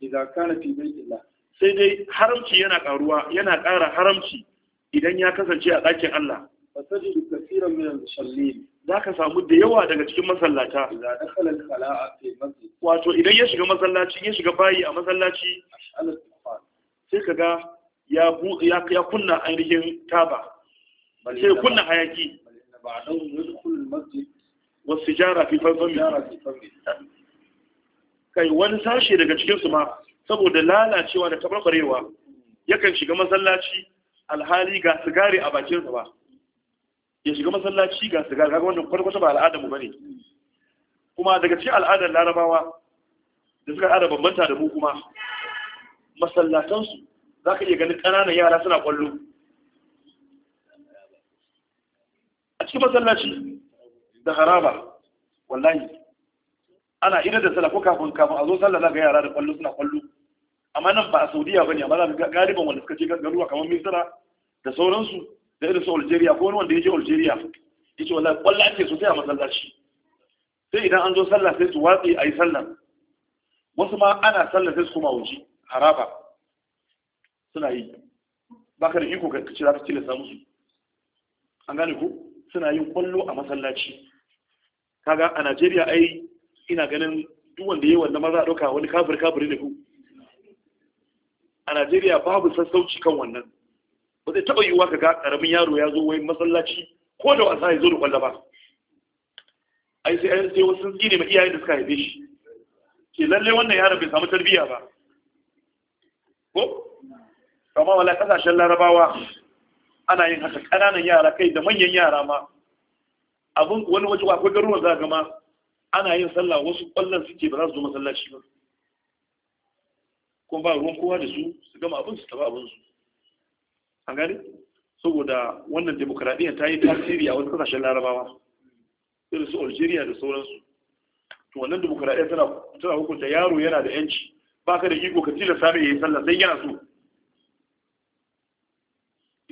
idan sai dai haramci yana karuwa yana ƙara haramci idan ya kasance a ɗakin Allah fasajidu kaseeran min al-musallin zaka samu da yawa daga cikin masallata idan dakhala al-khala'a fi masjid wato idan ya shiga masallaci ya shiga bayi a masallaci sai kaga ya ya kunna ainihin taba sai kunna hayaki wasu jara fi farfami kai wani sashe daga cikinsu ma saboda lalacewa da tabarbarewa yakan shiga masallaci alhali ga sigari a bakinsa ba ya shiga masallaci ga sigari ga wannan kwarkwata ba al'adar mu bane kuma daga cikin al'adar larabawa da suka hada bambanta da mu kuma masallatansu za ka iya ganin ƙananan yara suna ƙwallo cikin masallaci da haraba wallahi ana idan da sallah ko kafin kafin a zo sallah za ga yara da kwallo suna kwallo amma nan ba a saudiya ba ne amma za ga galiban wanda suka je garuwa kamar misira da sauransu da irin su algeria ko wani wanda ya je algeria ya ce wallahi kwallo ake sosai a masallaci sai idan an zo sallah sai su watsi a yi sallah wasu ma ana sallah sai su kuma wuce haraba suna yi baka da iko ka ci za ka samu su, an gane ku suna yin kwallo a masallaci kaga a Najeriya ai ina ganin duk wanda yayi wannan maza dauka wani kafir kafiri ne ku a Najeriya babu sassauci kan wannan ba zai taba yiwuwa kaga karamin yaro ya zo wai masallaci ko da wasa ya zo da kwallo ba ai sai an sai wasu tsine ma iyayen da suka haife shi ke lalle wannan yaron bai samu tarbiyya ba ko amma wala kasashen larabawa ana yin haka ƙananan yara kai da manyan yara ma abin wani waje akwai garuruwan za ga ma ana yin sallah wasu ƙwallon suke ba za su zo masallaci ba kuma ba ruwan kowa da su su gama abin su taba abin su an gani saboda wannan demokradiyya ta yi tasiri a wasu kasashen larabawa irin su algeria da sauransu to wannan demokradiyya tana hukunta yaro yana da yanci baka da iko ka tilasta mai yin sallah sai yana so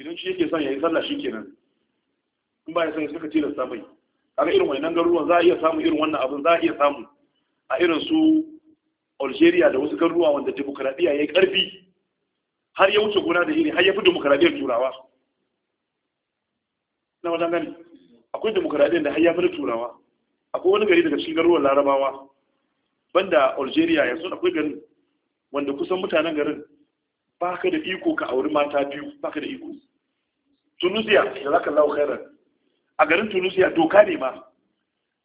idan shi yake son ya yi sallah shi kenan in ba ya son ya suka tilasta mai kaga irin wannan garuruwan za a iya samu irin wannan abin za a iya samu a irin su Algeria da wasu garuruwa wanda demokradiyya ya yi ƙarfi har ya wuce gona da iri har ya fi demokradiyyar turawa na wajen gani akwai demokradiyyar da har ya fi turawa akwai wani gari daga cikin garuruwan larabawa banda Algeria yanzu akwai garin wanda kusan mutanen garin ba ka da iko ka auri mata biyu ba ka da iko tunisia da za ka lau khairar a garin tunisia doka ne ma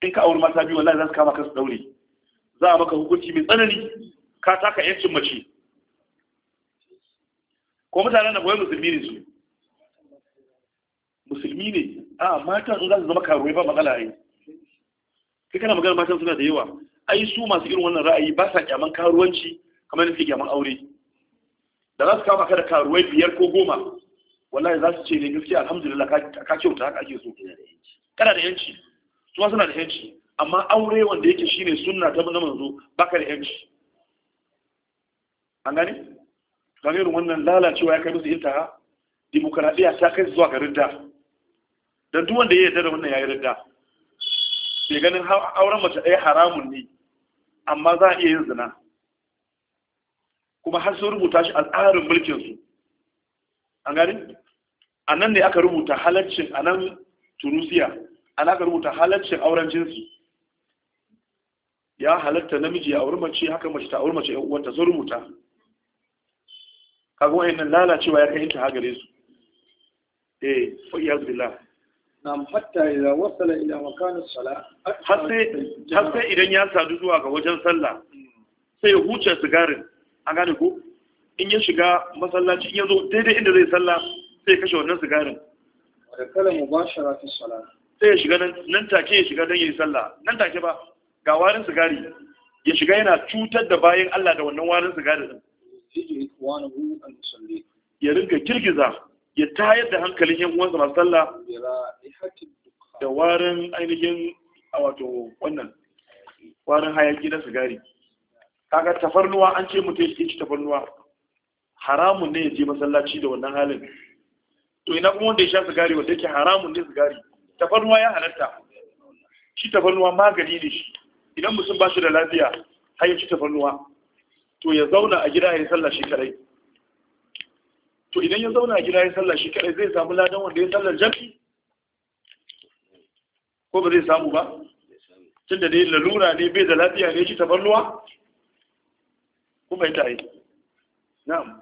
in ka auri mata biyu wallahi za su kama kansu daure za a maka hukunci mai tsanani ka taka yancin mace ko mutanen da kawai musulmi ne su musulmi ne a mata in za su zama karuwai ba matsala ne kai kana magana matan suna da yawa ai su masu irin wannan ra'ayi ba sa kyaman karuwanci kamar nufi kyaman aure da za su kama ka da karuwai biyar ko goma wallahi za su ce ne gaskiya alhamdulillah ka kyauta ka ake so kana da yanci su suna da yanci amma aure wanda yake shine sunna ta na manzo baka da yanci an gani kan irin wannan lalacewa ya kai musu inta demokradiya ta kai zuwa ga ridda dan duk wanda ya yarda da wannan ya yi ridda ke ganin auren mace ɗaya haramun ne amma za a iya yin zina kuma har sun rubuta shi a mulkin mulkinsu an gani a nan ne aka rubuta halaccin a nan tunisiya an aka rubuta halaccin auren jinsi ya halatta namiji a wurin mace haka mace ta wurin mace yan uwanta sun rubuta kaga nan lalacewa ya kai ta hagare su eh fa iyaz Na nam hatta idza wasala ila makan as har sai idan ya sadu zuwa ga wajen sallah sai ya huce sigarin an gane ko in ya shiga masallaci in ya zo daidai inda zai salla sai kashe wannan sigarin da kala mubashara fi salat sai ya shiga nan take ya shiga don yi sallah nan take ba ga warin sigari ya shiga yana cutar da bayan Allah da wannan warin sigari din ya rinka kirgiza ya tayar da hankalin yan uwansa masu sallah da warin ainihin a wato wannan warin hayaki na sigari kaga tafarnuwa an ce mutum ya ci tafarnuwa haramun ne ya je masallaci da wannan halin to ina kuma wanda ya sha sigari wanda yake haramun ne sigari tafarnuwa ya halatta shi tafarnuwa magani ne shi idan mutum ba shi da lafiya har ya ci tafarnuwa to ya zauna a gida ya sallah shi kadai to idan ya zauna a gida ya sallah shi kadai zai samu ladan wanda ya sallar jami ko ba zai samu ba tunda dai lalura ne bai da lafiya ne ci tafarnuwa kuma ita yi na'am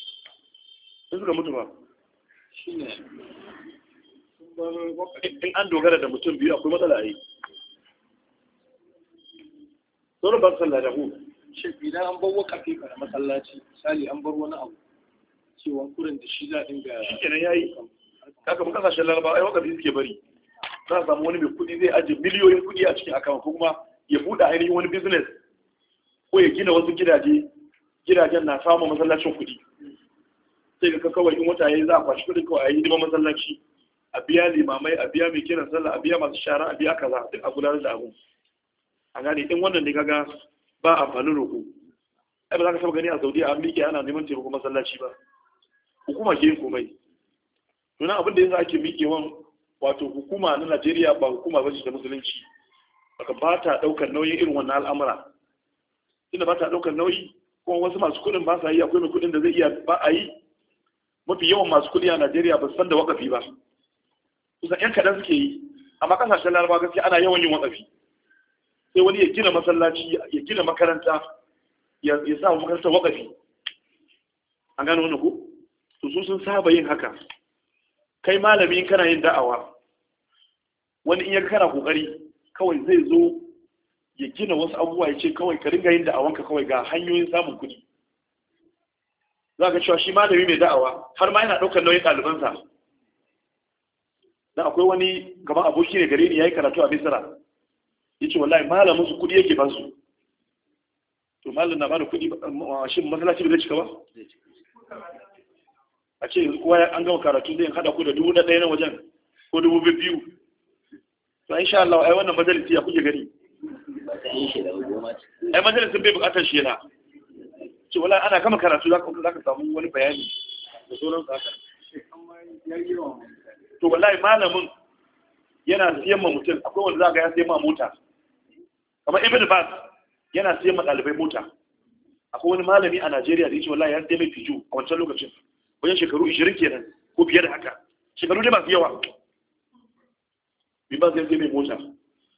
sun suka mutu ba in an dogara da mutum biyu akwai matsala a yi sauran ba su sallah da ku idan an bar fi kara masallaci misali an bar wani abu cewa kurin da shi za a dinga shi kenan yi kaka mun kasashen laraba ai fi suke bari za a samu wani mai kuɗi zai ajiye miliyoyin kuɗi a cikin akawun ko kuma ya buɗe ainihin wani business ko ya gina wasu gidaje gidajen na samun masallacin kuɗi sai ka kawai in wata yayi za a kwashi kudin kawai a yi hidimar masallaci a biya limamai a biya mai kiran sallah a biya masu shara a biya kaza duk a gudanar da abu a gane in wannan ne kaga ba amfanin roƙo ai ba za ka taɓa gani a saudiya an miƙe ana neman taimako masallaci ba hukuma ke yin komai nuna abin da yanzu ake miƙewan wato hukuma na najeriya ba hukuma ba ce ta musulunci baka ba ta ɗaukar nauyin irin wannan al'amura inda ba ta ɗaukar nauyi kuma wasu masu kuɗin ba sa yi akwai mai kuɗin da zai iya ba a yi mafi yawan masu kuɗi a Najeriya ba san da wakafi ba kusan yan kaɗan suke yi amma ƙasashen larabawa gaskiya ana yawan yin wakafi sai wani ya gina masallaci ya gina makaranta ya sa makaranta wakafi an gano wani ku su sun saba yin haka kai malami kana yin da'awa wani in ya kana kokari kawai zai zo ya gina wasu abubuwa ya ce kawai ka ringa yin da'awanka kawai ga hanyoyin samun kuɗi za ka cewa shi malami mai da'awa har ma yana ɗaukar nauyin ɗalibansa Na akwai wani gaba aboki ne gare ni ya yi karatu a Misira. Ya ce wallahi malamin su kuɗi yake bansu to malamin na bada kudi shin masalaci bai cika ba a ce kowa ya an gama karatu zai hada ku da dubu na ɗaya na wajen ko dubu biyu to insha Allah ai wannan majalisi ya kuke gani ai majalisin bai bukatar shi yana ce wala ana gama karatu za ka samu wani bayani da sauran haka to wallahi malamin yana siyan ma mutum akwai wanda za ga ya siyan ma mota kamar ibn bas yana siyan ma ɗalibai mota akwai wani malami a najeriya da ya ce wallahi ya siyan mai fijo a wancan lokacin wajen shekaru 20 kenan ko fiye da haka shekaru dai masu yawa bi ba zai mai mota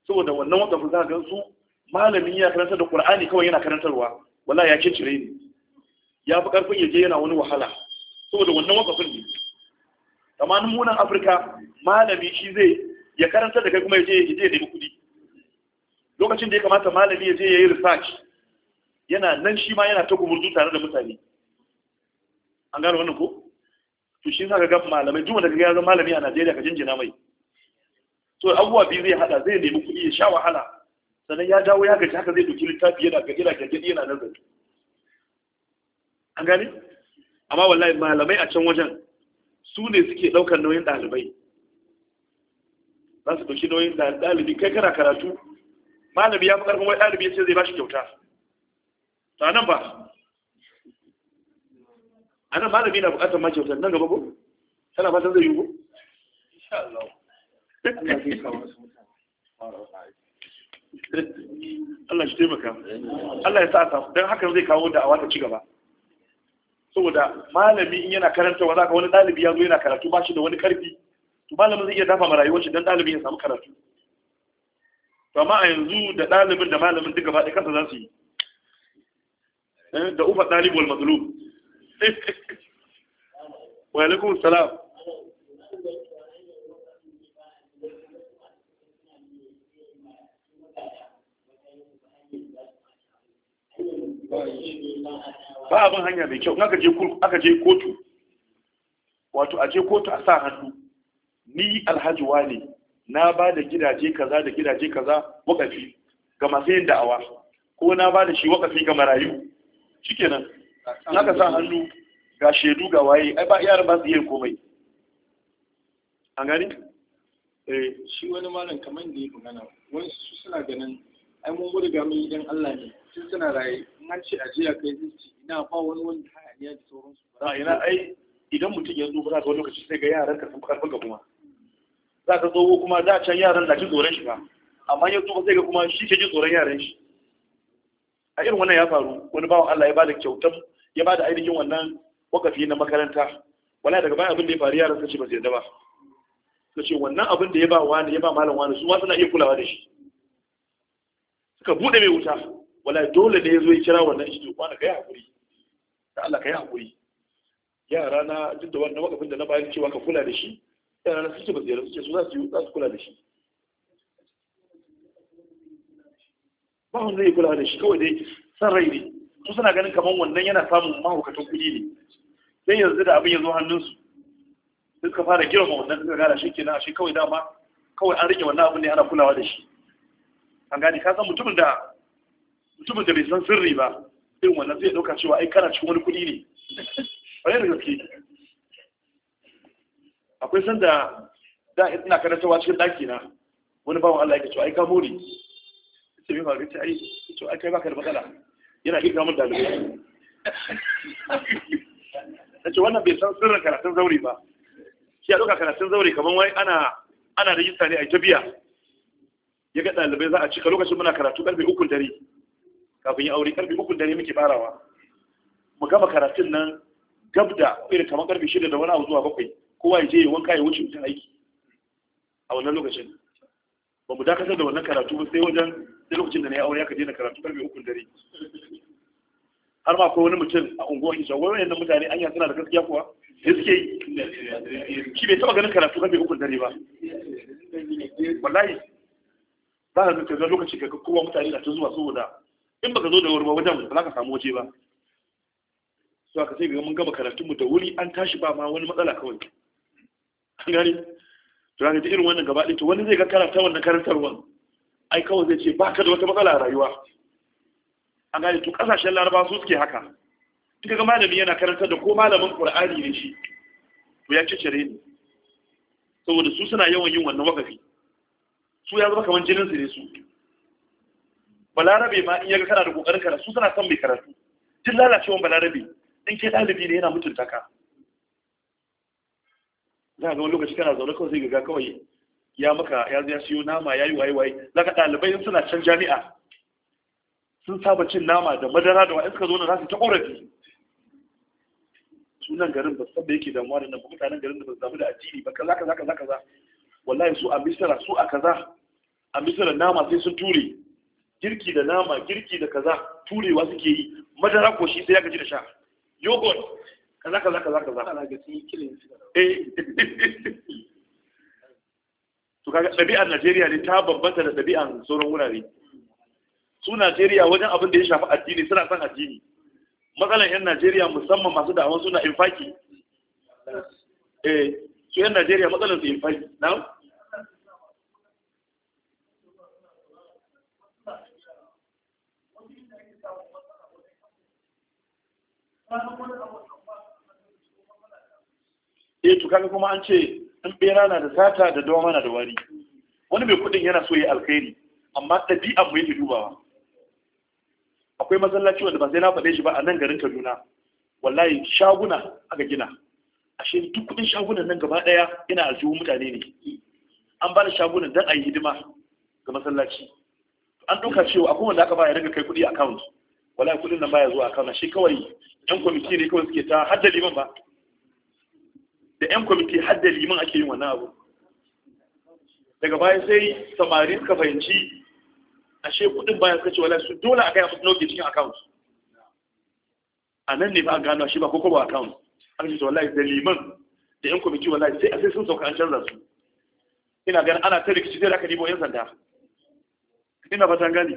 saboda wannan wata za ga su malamin ya karanta da qur'ani kawai yana karantarwa wallahi ya cire ni ya fi karfin yaje yana wani wahala saboda wannan wakafin ne tamanin munan afirka malami shi zai ya karanta da kai kuma ya je ya nemi kudi lokacin da ya kamata malami ya je ya yi research yana nan shi ma yana ta gumurzu tare da mutane an gano wannan ko to shi sa ga malamai duk wanda kaga ya zama malami a Najeriya ka jinjina mai to abubuwa biyu zai hada zai nemi kudi ya sha wahala sannan ya dawo ya gaji haka zai duki littafi yana gajira gajiri yana nazari an gani amma wallahi malamai a can wajen su ne suke ɗaukar nauyin ɗalibai za su ɗauki nauyin ɗalibi kai kana karatu malami ya fi karfin wai ɗalibi ce zai ba shi kyauta ta nan ba a nan malami na buƙatar ma kyautar nan gaba ko tana fatan zai yi ko Allah shi taimaka Allah ya sa ta don hakan zai kawo da awa ta ci gaba saboda malami in yana karanta wa zaka wani dalibi ya zo yana karatu ba shi da wani karfi to malamin zai iya dafa ma rayuwar shi don dalibin ya samu karatu to amma a yanzu da dalibin da malamin duka ɗaya kasa za su yi eh, da ufa dalibul mazlum *laughs* wa alaikum salam ba abin hanya mai kyau aka je kotu wato a je kotu a sa hannu ni alhaji ne na ba da gidaje kaza da gidaje kaza wakafi ga masu yin da'awa ko na ba da shi wakafi ga marayu shikenan ka sa hannu ga shaidu ga waye ai ba yaran ba su yi komai an gani eh shi wani malam kamar da ya magana wani su suna ganin ai mun riga mun yi idan Allah ne tun suna raye in an ce ajiya kai zuci ina ba wani wanda hayaniya da sauransu ba ina ai idan mutum ya zo ba za ka lokaci sai ga yaran ka sun karfin ka kuma za ka zo kuma za a can yaran da jin tsoron shi ba amma ya zo sai ga kuma shi ke jin tsoron yaran shi a irin wannan ya faru wani bawan Allah ya bada kyautar ya bada ainihin wannan wakafi na makaranta wala daga bayan abin da ya faru yaran suka ce ba su yarda ba suka wannan abin da ya ba wani ya ba malam wani su ma suna iya kulawa da shi suka bude mai wuta wala dole ne yazo ya kira wannan shi kwana kai hakuri da Allah kai hakuri yara na duk da wannan wakafin da na bayar cewa ka kula da shi yara na suke bazira suke so za su yi za su kula da shi ba wanda zai kula da shi kawai dai san rai ne su suna ganin kamar wannan yana samun mahaukatan kuɗi ne sai yanzu da abin ya zo hannunsu suka fara girma wannan suka gara shi kenan shi kawai dama kawai an rike wannan abin ne ana kulawa da shi an gane ka san mutumin da mutumin da bai san sirri ba irin wannan zai dauka cewa ai kana cikin wani kuɗi ne bayan da gaske akwai sanda da ina tawa cikin daki na wani bawan Allah yake cewa ai ka mori ce mai faru ce ai to ai kai baka da matsala yana girka mun dalibai nace wannan bai san sirrin karatun zaure ba shi ya ɗauka karatun zaure kamar wai ana ana rijista ne a ta biya ya ga ɗalibai za a cika lokacin muna karatu ƙarfe ukun dare kafin ya aure karfe ukun dare muke farawa mu gama karatun nan gab da irin kamar karfe shida da wani abu zuwa bakwai kowa ya je ya wanka ya wuce mutum aiki a wannan lokacin ba mu dakatar da wannan karatu ba sai wajen sai lokacin da na yi aure aka je na karatu karfe ukun dare har ma akwai wani mutum a unguwar hijab wani yadda mutane anya suna da gaskiya kuwa da suke yi shi bai taɓa ganin karatu karfe ukun dare ba wallahi ba a zai lokaci ga kowa mutane na ta zuwa saboda in baka zo da wuri ba wajen ba za ka samu waje ba su aka sai ga mun gama karatun mu da wuri an tashi ba ma wani matsala kawai an gani to ta irin wannan gaba ɗin to wani zai ga karanta wannan karantarwan ai kawai zai ce ba ka da wata matsala a rayuwa an gani to kasashen laraba su suke haka duka ga malami yana karantar da ko malamin ƙur'ani ne shi to ya cire ni saboda su suna yawan yin wannan wakafi su ya zama kamar jinin su ne su balarabe ma in yaga kana da kokarin karatu suna son mai karatu tun lalacewan balarabe in ke ɗalibi ne yana mutunta ka za a ga wani lokaci kana zaune kawai sai ga kawai ya maka ya zai siyo nama ya yi waye waye za ka ɗalibai suna can jami'a sun saba cin nama da madara da wa'in suka zo na za su ta ƙorafi sunan garin ba san da yake damuwa da nan ba mutanen garin da ba su damu da addini ba kaza kaza kaza kaza wallahi su a misira su a kaza a misira nama sai sun ture girki da nama girki da kaza turewa suke yi madara ko shi sai ya gaji da sha yogurt kaza kaza kaza kaza eh *laughs* to kaga ɗabi'ar Najeriya ne ta bambanta da dabi'ar sauran wurare su Najeriya wajen abin da ya shafi addini suna son addini matsalan 'yan Najeriya musamman masu da'awa suna infaki eh su 'yan Najeriya matsalan su infaki na eh to kaga kuma an ce in bera na da sata da doma na da wari wani mai kudin yana so ya alkhairi amma ɗabi'an mu yake dubawa akwai masallaci wanda ba sai na faɗe shi ba a nan garin Kaduna wallahi shaguna aka gina ashe duk kudin shagunan nan gaba ɗaya yana aljihu mutane ne an ba da shagunan don a yi hidima ga masallaci an ɗauka cewa akwai wanda aka ba ya riga kai kuɗi account wallahi kuɗin nan baya zuwa account shi kawai yan kwamiti ne kawai suke ta hadda liman ba da yan kwamiti hadda liman ake yin wannan abu daga baya sai samari suka fahimci ashe kudin baya suka ce wala su dole a kai musu nauke cikin account a nan ne fa an gano shi ba ko ba account an ce wala da liman da yan kwamiti wala sai sai sun sauka an canza su ina ganin ana ta rikici sai da aka nemo yan sanda ina fatan gani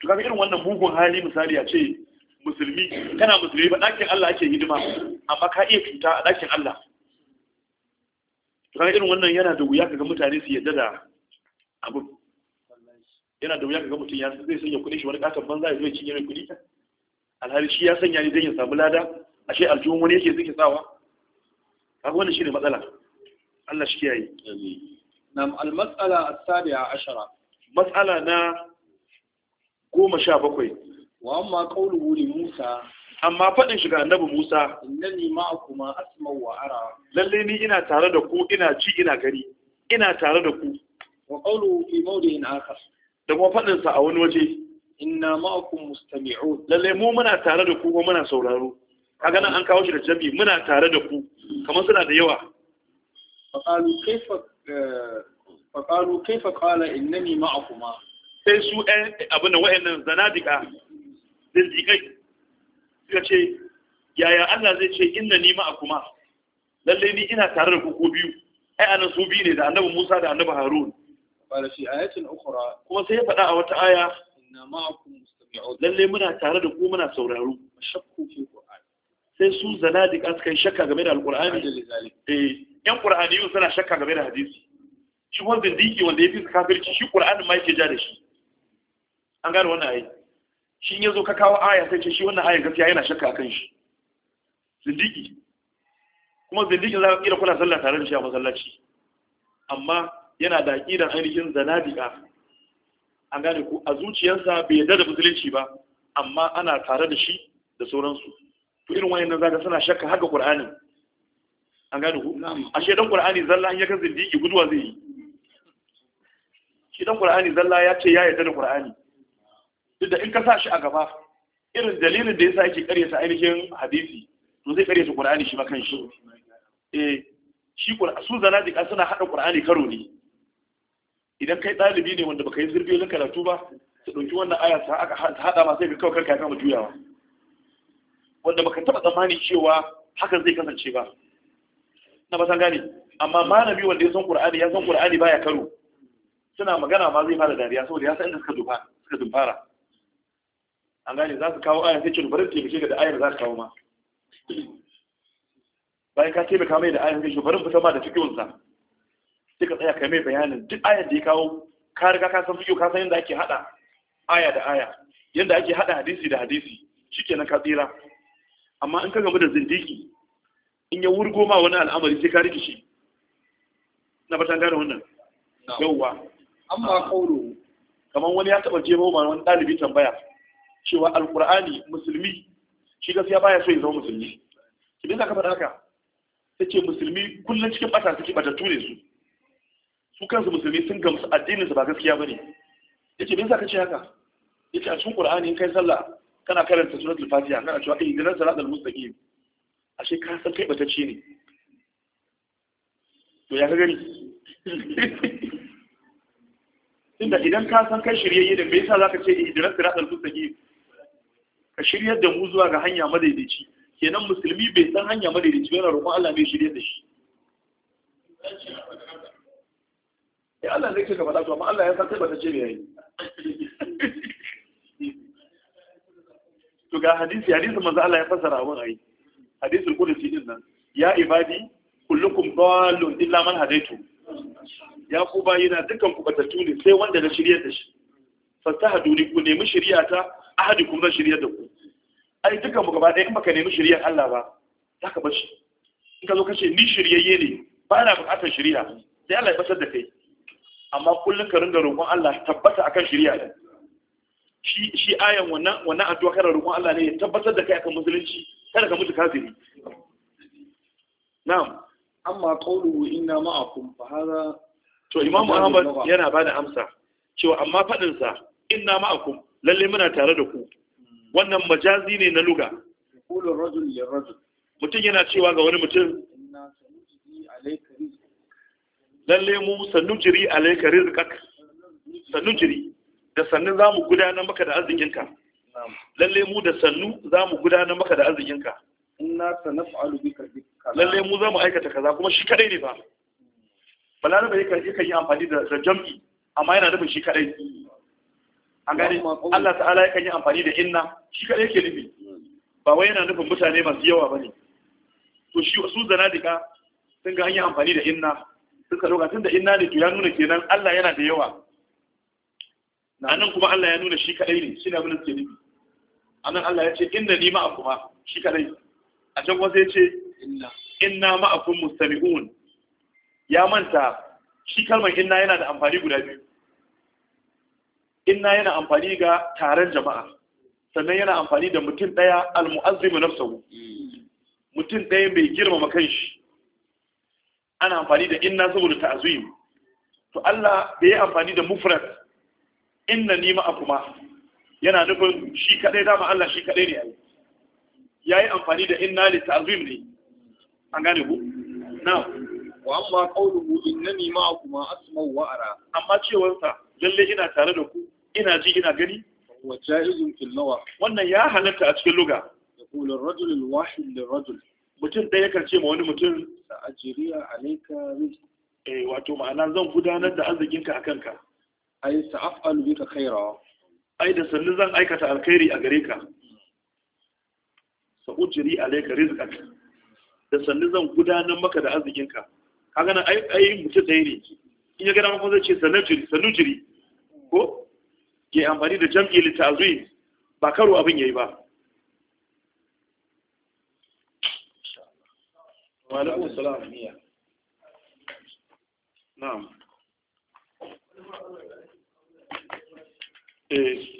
to kaga irin wannan mugun hali misali a ce musulmi kana musulmi ba ɗakin Allah ake hidima amma ka iya cuta a ɗakin Allah kuma irin wannan yana da wuya kaga mutane su yadda da abu yana da wuya kaga mutum ya zai sanya kuɗin shi wani katon banza ya zo ya cinye mai kuɗi alhali shi ya sanya ni zai ya samu lada ashe aljihun wani yake zai sawa kaga wannan shine matsala Allah shi kiyaye nam al mas'ala as-sabi'a 10 mas'ala na goma sha bakwai wa amma qawluhu li Musa amma faɗin shiga annabi Musa innani ma'akuma asma'u wa ara lalle ni ina tare da ku ina ci ina gari. ina tare da ku wa qawluhu fi mawdi'in akhar da kuma faɗin sa a wani waje inna ma'akum mustami'un lalle mu muna tare da ku kuma muna sauraro kaga nan an kawo shi da jami muna tare da ku kamar suna da yawa faqalu kayfa faqalu kayfa qala innani ma'akuma sai su ɗan abin da wa'annan zanadika zirzikai suka ce yaya Allah zai ce inna ni ma'akuma lalle ni ina tare da ku ko biyu ai anan su biyu ne da annabi Musa da annabi Harun bala shi ayatin ukhra kuma sai ya faɗa a wata aya inna ma'akum mustami'un lalle muna tare da ku muna sauraro shakku fi qur'ani sai su zanadiqa suka yi shakka game da alqur'ani eh yan qur'aniyun suna shakka game da hadisi shi wanda dinki wanda yafi kafirci shi qur'anin ma yake ja da shi an gane wannan ayi shi ya zo ka kawo aya sai ce shi wannan aya gaskiya yana shakka akan shi zindiki kuma zindiki za ka kira kula sallah tare da shi a masallaci amma yana da aqidan ainihin zanadika an gane ku a zuciyarsa bai yarda da musulunci ba amma ana tare da shi da sauransu to irin nan zaka suna shakka haka qur'anin an gane ku ashe dan qur'ani zalla an ga zindiki guduwa zai yi shi dan qur'ani zalla ya ce ya yarda da qur'ani tunda in ka sa shi a gaba irin dalilin da yasa yake karyata ainihin hadisi to zai karyata qur'ani shi ma kanshi eh shi qur'ani su zanadika suna hada qur'ani karo ne idan kai dalibi ne wanda baka yi zurfi wajen karatu ba su dauki wannan aya ta aka hada ma sai ka kawo karka kama juyawa wanda baka taba tsammani cewa hakan zai kasance ba na ba san gane amma malami wanda ya san qur'ani ya san qur'ani baya karo suna magana ma zai fara dariya saboda ya san inda suka dufa suka dumfara an gane za su kawo ayar sai cin barin taimake ka da ayar za su kawo ma bayan ka taimaka mai da ayar sai barin fita ma da fikiyonsa sai ka tsaya kai mai bayanin duk ayar da ya kawo ka riga ka san fikiyo ka san yadda ake hada aya da aya yadda ake hada hadisi da hadisi shikenan ka tsira amma in ka gamu da zindiki in ya wurgo ma wani al'amari sai ka rikishi na fatan gane wannan yauwa amma kauro kamar wani ya taba jebo ma wani ɗalibi tambaya cewa alkur'ani musulmi shi gaskiya baya so ya zama musulmi ki bisa faɗa haka ta ce musulmi kullum cikin ɓata suke ɓatattu ne su su kansu musulmi sun gamsu addinin su ba gaskiya ba ne ya ce bisa ka ce haka ya ce a cikin ƙur'ani in kai sallah kana karanta surat al-fatiha kana cewa eh dinar salat al-mustaqim ashe ka san kai ɓatacce ne to ya ka gani tunda idan ka san kai shiryayye da me yasa zaka ce eh dinar salat al-mustaqim ka shiryar da mu zuwa ga hanya madaidaici kenan musulmi bai san hanya madaidaici yana roƙon Allah mai shirya da shi ya Allah zai ce ka faɗa amma Allah ya san sai ta ce me yayi to ga hadisi hadisi manzo Allah ya fassara abun ai hadisul qudsi din nan ya ibadi kullukum dallun illa man hadaitu ya ku bayina dukkan ku batattu ne sai wanda na shirya da shi fastahadu ni ku nemi shirya ta ahadi zan shiryar da ku ai duka mu gaba ɗaya in baka nemi shiryar Allah ba za ka bashi in ka zo ce ni shiryayye ne ba na buƙatar shiriya sai Allah ya basar da kai amma kullum ka ringa roƙon Allah tabbata akan shiriya ne. shi shi ayan wannan wannan addu'a kana roƙon Allah ne ya tabbatar da kai akan musulunci kada ka mutu kafiri na'am amma qawluhu inna ma'akum fa hada to imamu Ahmad yana bada amsa cewa amma fadin sa inna ma'akum lalle muna tare da ku wannan majazi ne na luga mutum yana cewa ga wani mutum lalle mu sanujiri alaika rizqak sanujiri da sannu za mu gudanar maka da arzikinka lalle mu da sannu za mu gudanar maka da arzikinka lalle mu za mu aikata kaza kuma shi kadai ne ba hmm. balarabe yakan yi amfani da jam'i amma yana nufin shi kadai an gane Allah ta'ala ya kan yi amfani da inna shi kadai ke nufi ba wai yana nufin mutane masu yawa bane to shi su zanadika sun ga an yi amfani da inna suka lokacin da inna ne to ya nuna kenan Allah yana da yawa Na nan kuma Allah ya nuna shi kaɗai ne shi ne abin da suke nufi nan Allah ya ce inna ni ma'akuma shi kaɗai. a can kuma sai ya ce inna ma'akum mustami'un ya manta shi kalmar inna yana da amfani guda biyu inna yana amfani ga taron jama'a sannan yana amfani da mutum ɗaya almu'azzimu nafsahu mutum ɗaya mai girmama kanshi ana amfani da inna saboda ta'azim to Allah bai yi amfani da mufrad inna ni ma'akuma yana nufin shi kadai dama Allah shi kadai ne yayi yi amfani da inna li ta'zim ne an gane ku na wa amma qawluhu innani ma'akuma asma'u wa ara amma cewar sa lalle ina tare da ku ina ji ina gani wa jaizun fil wannan ya halatta a cikin luga يقول الرجل الواحد للرجل mutum ɗaya kan ce ma wani mutum da ajiriya alaika eh wato ma'ana zan gudanar da arzikinka a kanka ai sa'afalu bika khaira ai da sannu zan aikata alkhairi a gare ka sa'ujiri alaika rizqak da sannu zan gudanar maka da arzikinka kaga nan ai mutum ɗaya ne in ya gana maka zai ce sanujiri sanujiri ko ke amfani da jam'i littazui ba karo abin ya yi ba Malamun salam niyya. Na'am. Eh.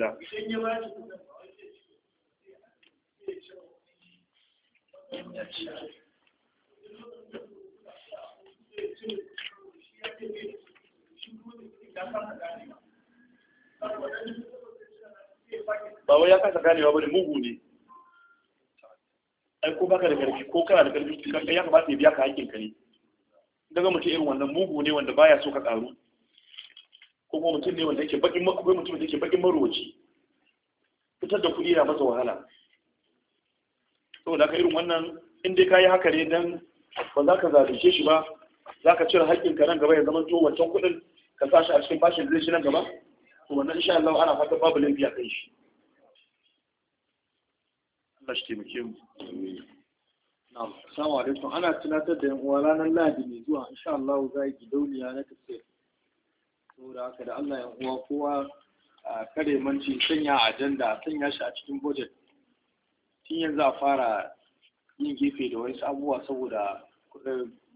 alhamdulillah ba ya kasa ganewa bane mugu ne ai ko baka da karfi ko kana da karfi kan ya kamata ya biya ka hakkin ka ne daga mutum irin wannan mugu ne wanda baya so ka karu kuma mutum ne wanda yake bakin akwai mutum da yake bakin marowaci fitar da kudi na masa wahala saboda ka irin wannan inda ka yi haka ne dan ba za ka zafishe shi ba za ka cire haƙƙin ka nan gaba ya zama tuwo wancan kuɗin ka sa shi a cikin bashin zai shi nan gaba to wannan insha Allah ana fata babu laifi a kan shi Allah shi taimake mu Na'am, assalamu alaikum. Ana tunatar da yan uwa ranar Lahadi mai zuwa insha Allah za ki dauniya na tafsir. saboda haka da Allah ya uwa kowa kare manci sanya ajanda sanya shi a cikin budget tun yanzu a fara yin gefe da wasu abubuwa saboda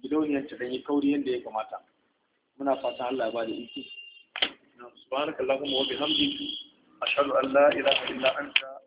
gidauniyar ta yi kauri yadda ya kamata muna fatan Allah ba da iko subhanakallahumma wa bihamdika ashhadu an la ilaha illa anta